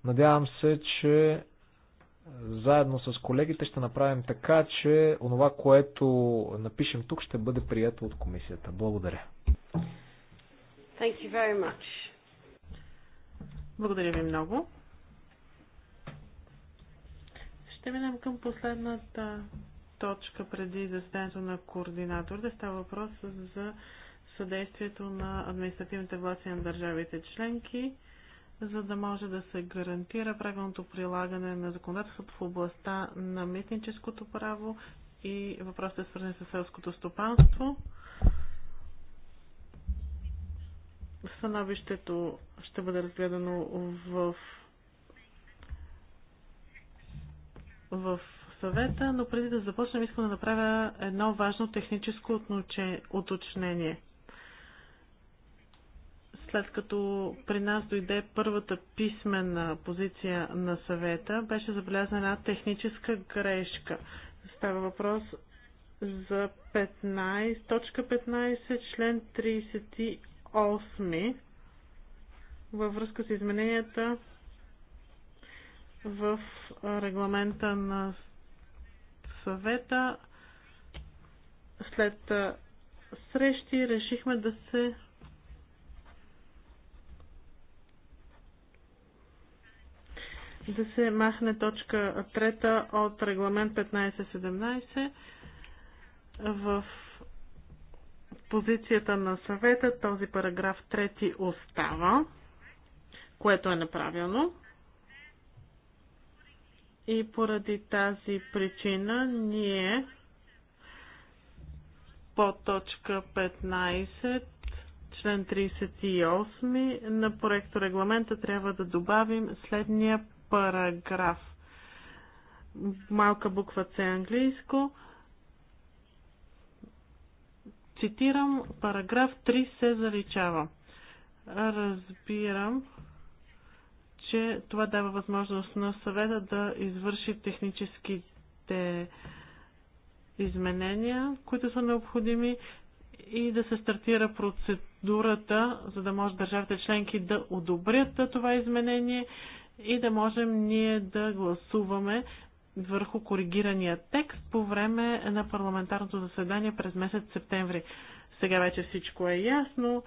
Надявам се, че заедно с колегите ще направим така, че онова, което напишем тук, ще бъде прието от комисията. Благодаря. Thank you very much. Благодаря ви много. Ще минем към последната точка преди заседанието на координатор. Да става въпрос за съдействието на административните власти на държавите членки за да може да се гарантира правилното прилагане на законодателството в областта на митническото право и въпросите свързани с селското стопанство. Становището ще бъде разгледано в, в съвета, но преди да започнем искам да направя едно важно техническо уточнение след като при нас дойде първата писмена позиция на съвета, беше забелязана една техническа грешка. Става въпрос за 15, точка 15, член 38 във връзка с измененията в регламента на съвета след срещи решихме да се да се махне точка трета от регламент 1517 в позицията на съвета този параграф 3 остава, което е направено. И поради тази причина ние по точка 15, член 38 на проекто регламента трябва да добавим следния параграф. Малка буква С английско. Цитирам, параграф 3 се заличава. Разбирам, че това дава възможност на съвета да извърши техническите изменения, които са необходими и да се стартира процедурата, за да може държавите членки да одобрят това изменение и да можем ние да гласуваме върху коригирания текст по време на парламентарното заседание през месец септември. Сега вече всичко е ясно.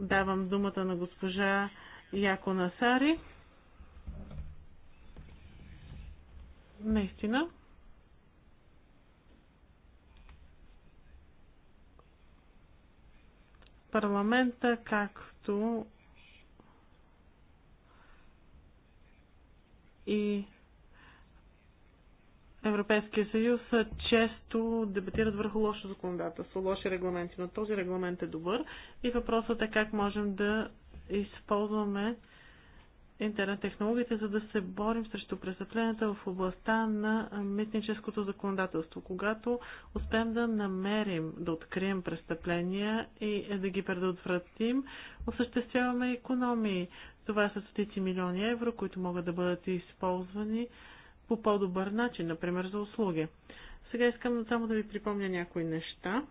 Давам думата на госпожа Яко Насари. Наистина. Парламента, както и Европейския съюз често дебатират върху лошо законодателство, лоши регламенти, но този регламент е добър и въпросът е как можем да използваме интернет технологиите, за да се борим срещу престъпленията в областта на митническото законодателство. Когато успеем да намерим, да открием престъпления и да ги предотвратим, осъществяваме економии. Това са стотици милиони евро, които могат да бъдат използвани по по-добър начин, например за услуги. Сега искам само да ви припомня някои неща.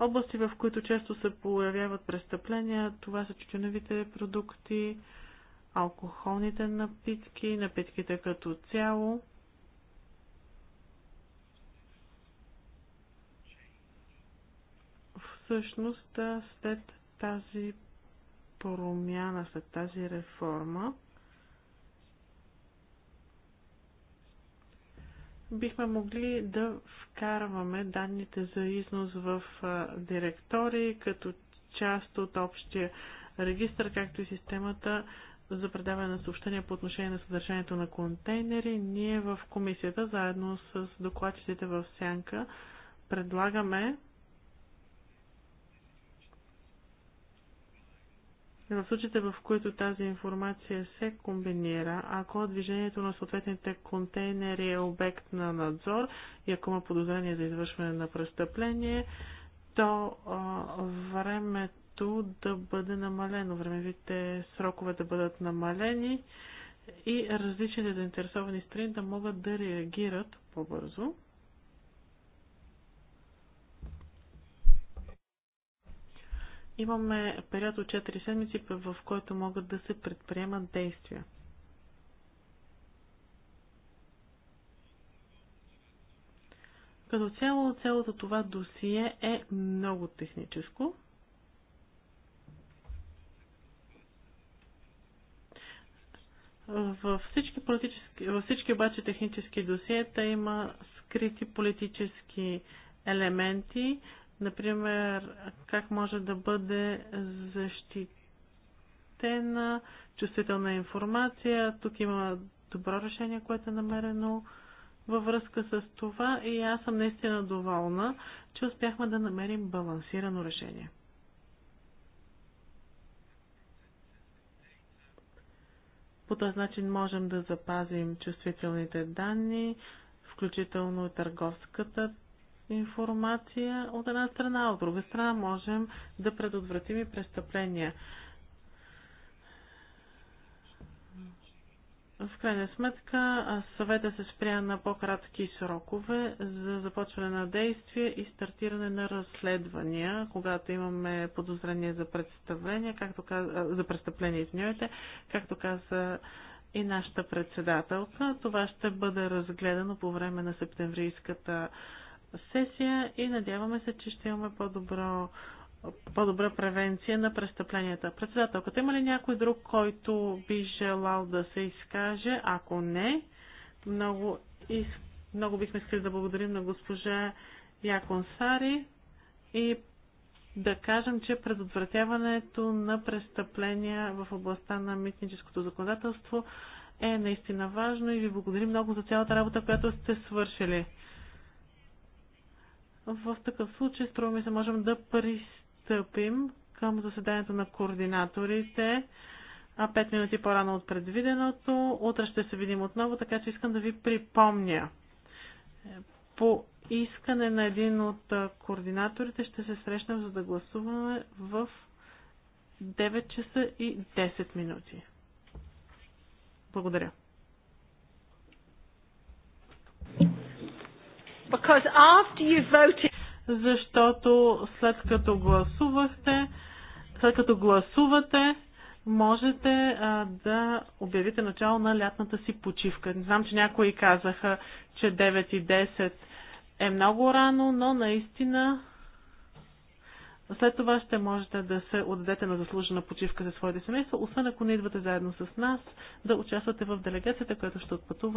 Области, в които често се появяват престъпления, това са чучуневите продукти, алкохолните напитки, напитките като цяло. всъщност след тази промяна, след тази реформа, бихме могли да вкарваме данните за износ в директори като част от общия регистр, както и системата за предаване на съобщения по отношение на съдържанието на контейнери. Ние в комисията, заедно с докладчиците в Сянка, предлагаме В случаите, в които тази информация се комбинира, ако движението на съответните контейнери е обект на надзор и ако има подозрение за извършване на престъпление, то а, времето да бъде намалено, времевите срокове да бъдат намалени и различните заинтересовани страни да могат да реагират по-бързо. имаме период от 4 седмици, в който могат да се предприемат действия. Като цяло, цялото това досие е много техническо. Във всички, политически, във всички обаче технически досиета има скрити политически елементи, Например, как може да бъде защитена чувствителна информация. Тук има добро решение, което е намерено във връзка с това и аз съм наистина доволна, че успяхме да намерим балансирано решение. По този начин можем да запазим чувствителните данни, включително и търговската информация от една страна, а от друга страна можем да предотвратим и престъпления. В крайна сметка съвета се спря на по-кратки срокове за започване на действия и стартиране на разследвания, когато имаме подозрение за престъпление, както каза, за престъпление, извинявайте, както каза и нашата председателка. Това ще бъде разгледано по време на септемврийската сесия и надяваме се, че ще имаме по-добро по-добра превенция на престъпленията. Председателката, има ли някой друг, който би желал да се изкаже? Ако не, много, из... много бихме искали да благодарим на госпожа Яконсари и да кажем, че предотвратяването на престъпления в областта на митническото законодателство е наистина важно и ви благодарим много за цялата работа, която сте свършили. В такъв случай, струва ми се, можем да пристъпим към заседанието на координаторите, а 5 минути по-рано от предвиденото. Утре ще се видим отново, така че искам да ви припомня. По искане на един от координаторите ще се срещнем, за да гласуваме в 9 часа и 10 минути. Благодаря. Because after you voted... Защото след като гласувахте, след като гласувате, можете а, да обявите начало на лятната си почивка. Не знам, че някои казаха, че 9 и 10 е много рано, но наистина след това ще можете да се отдадете на заслужена почивка за своите семейства, освен ако не идвате заедно с нас да участвате в делегацията, която ще отпътува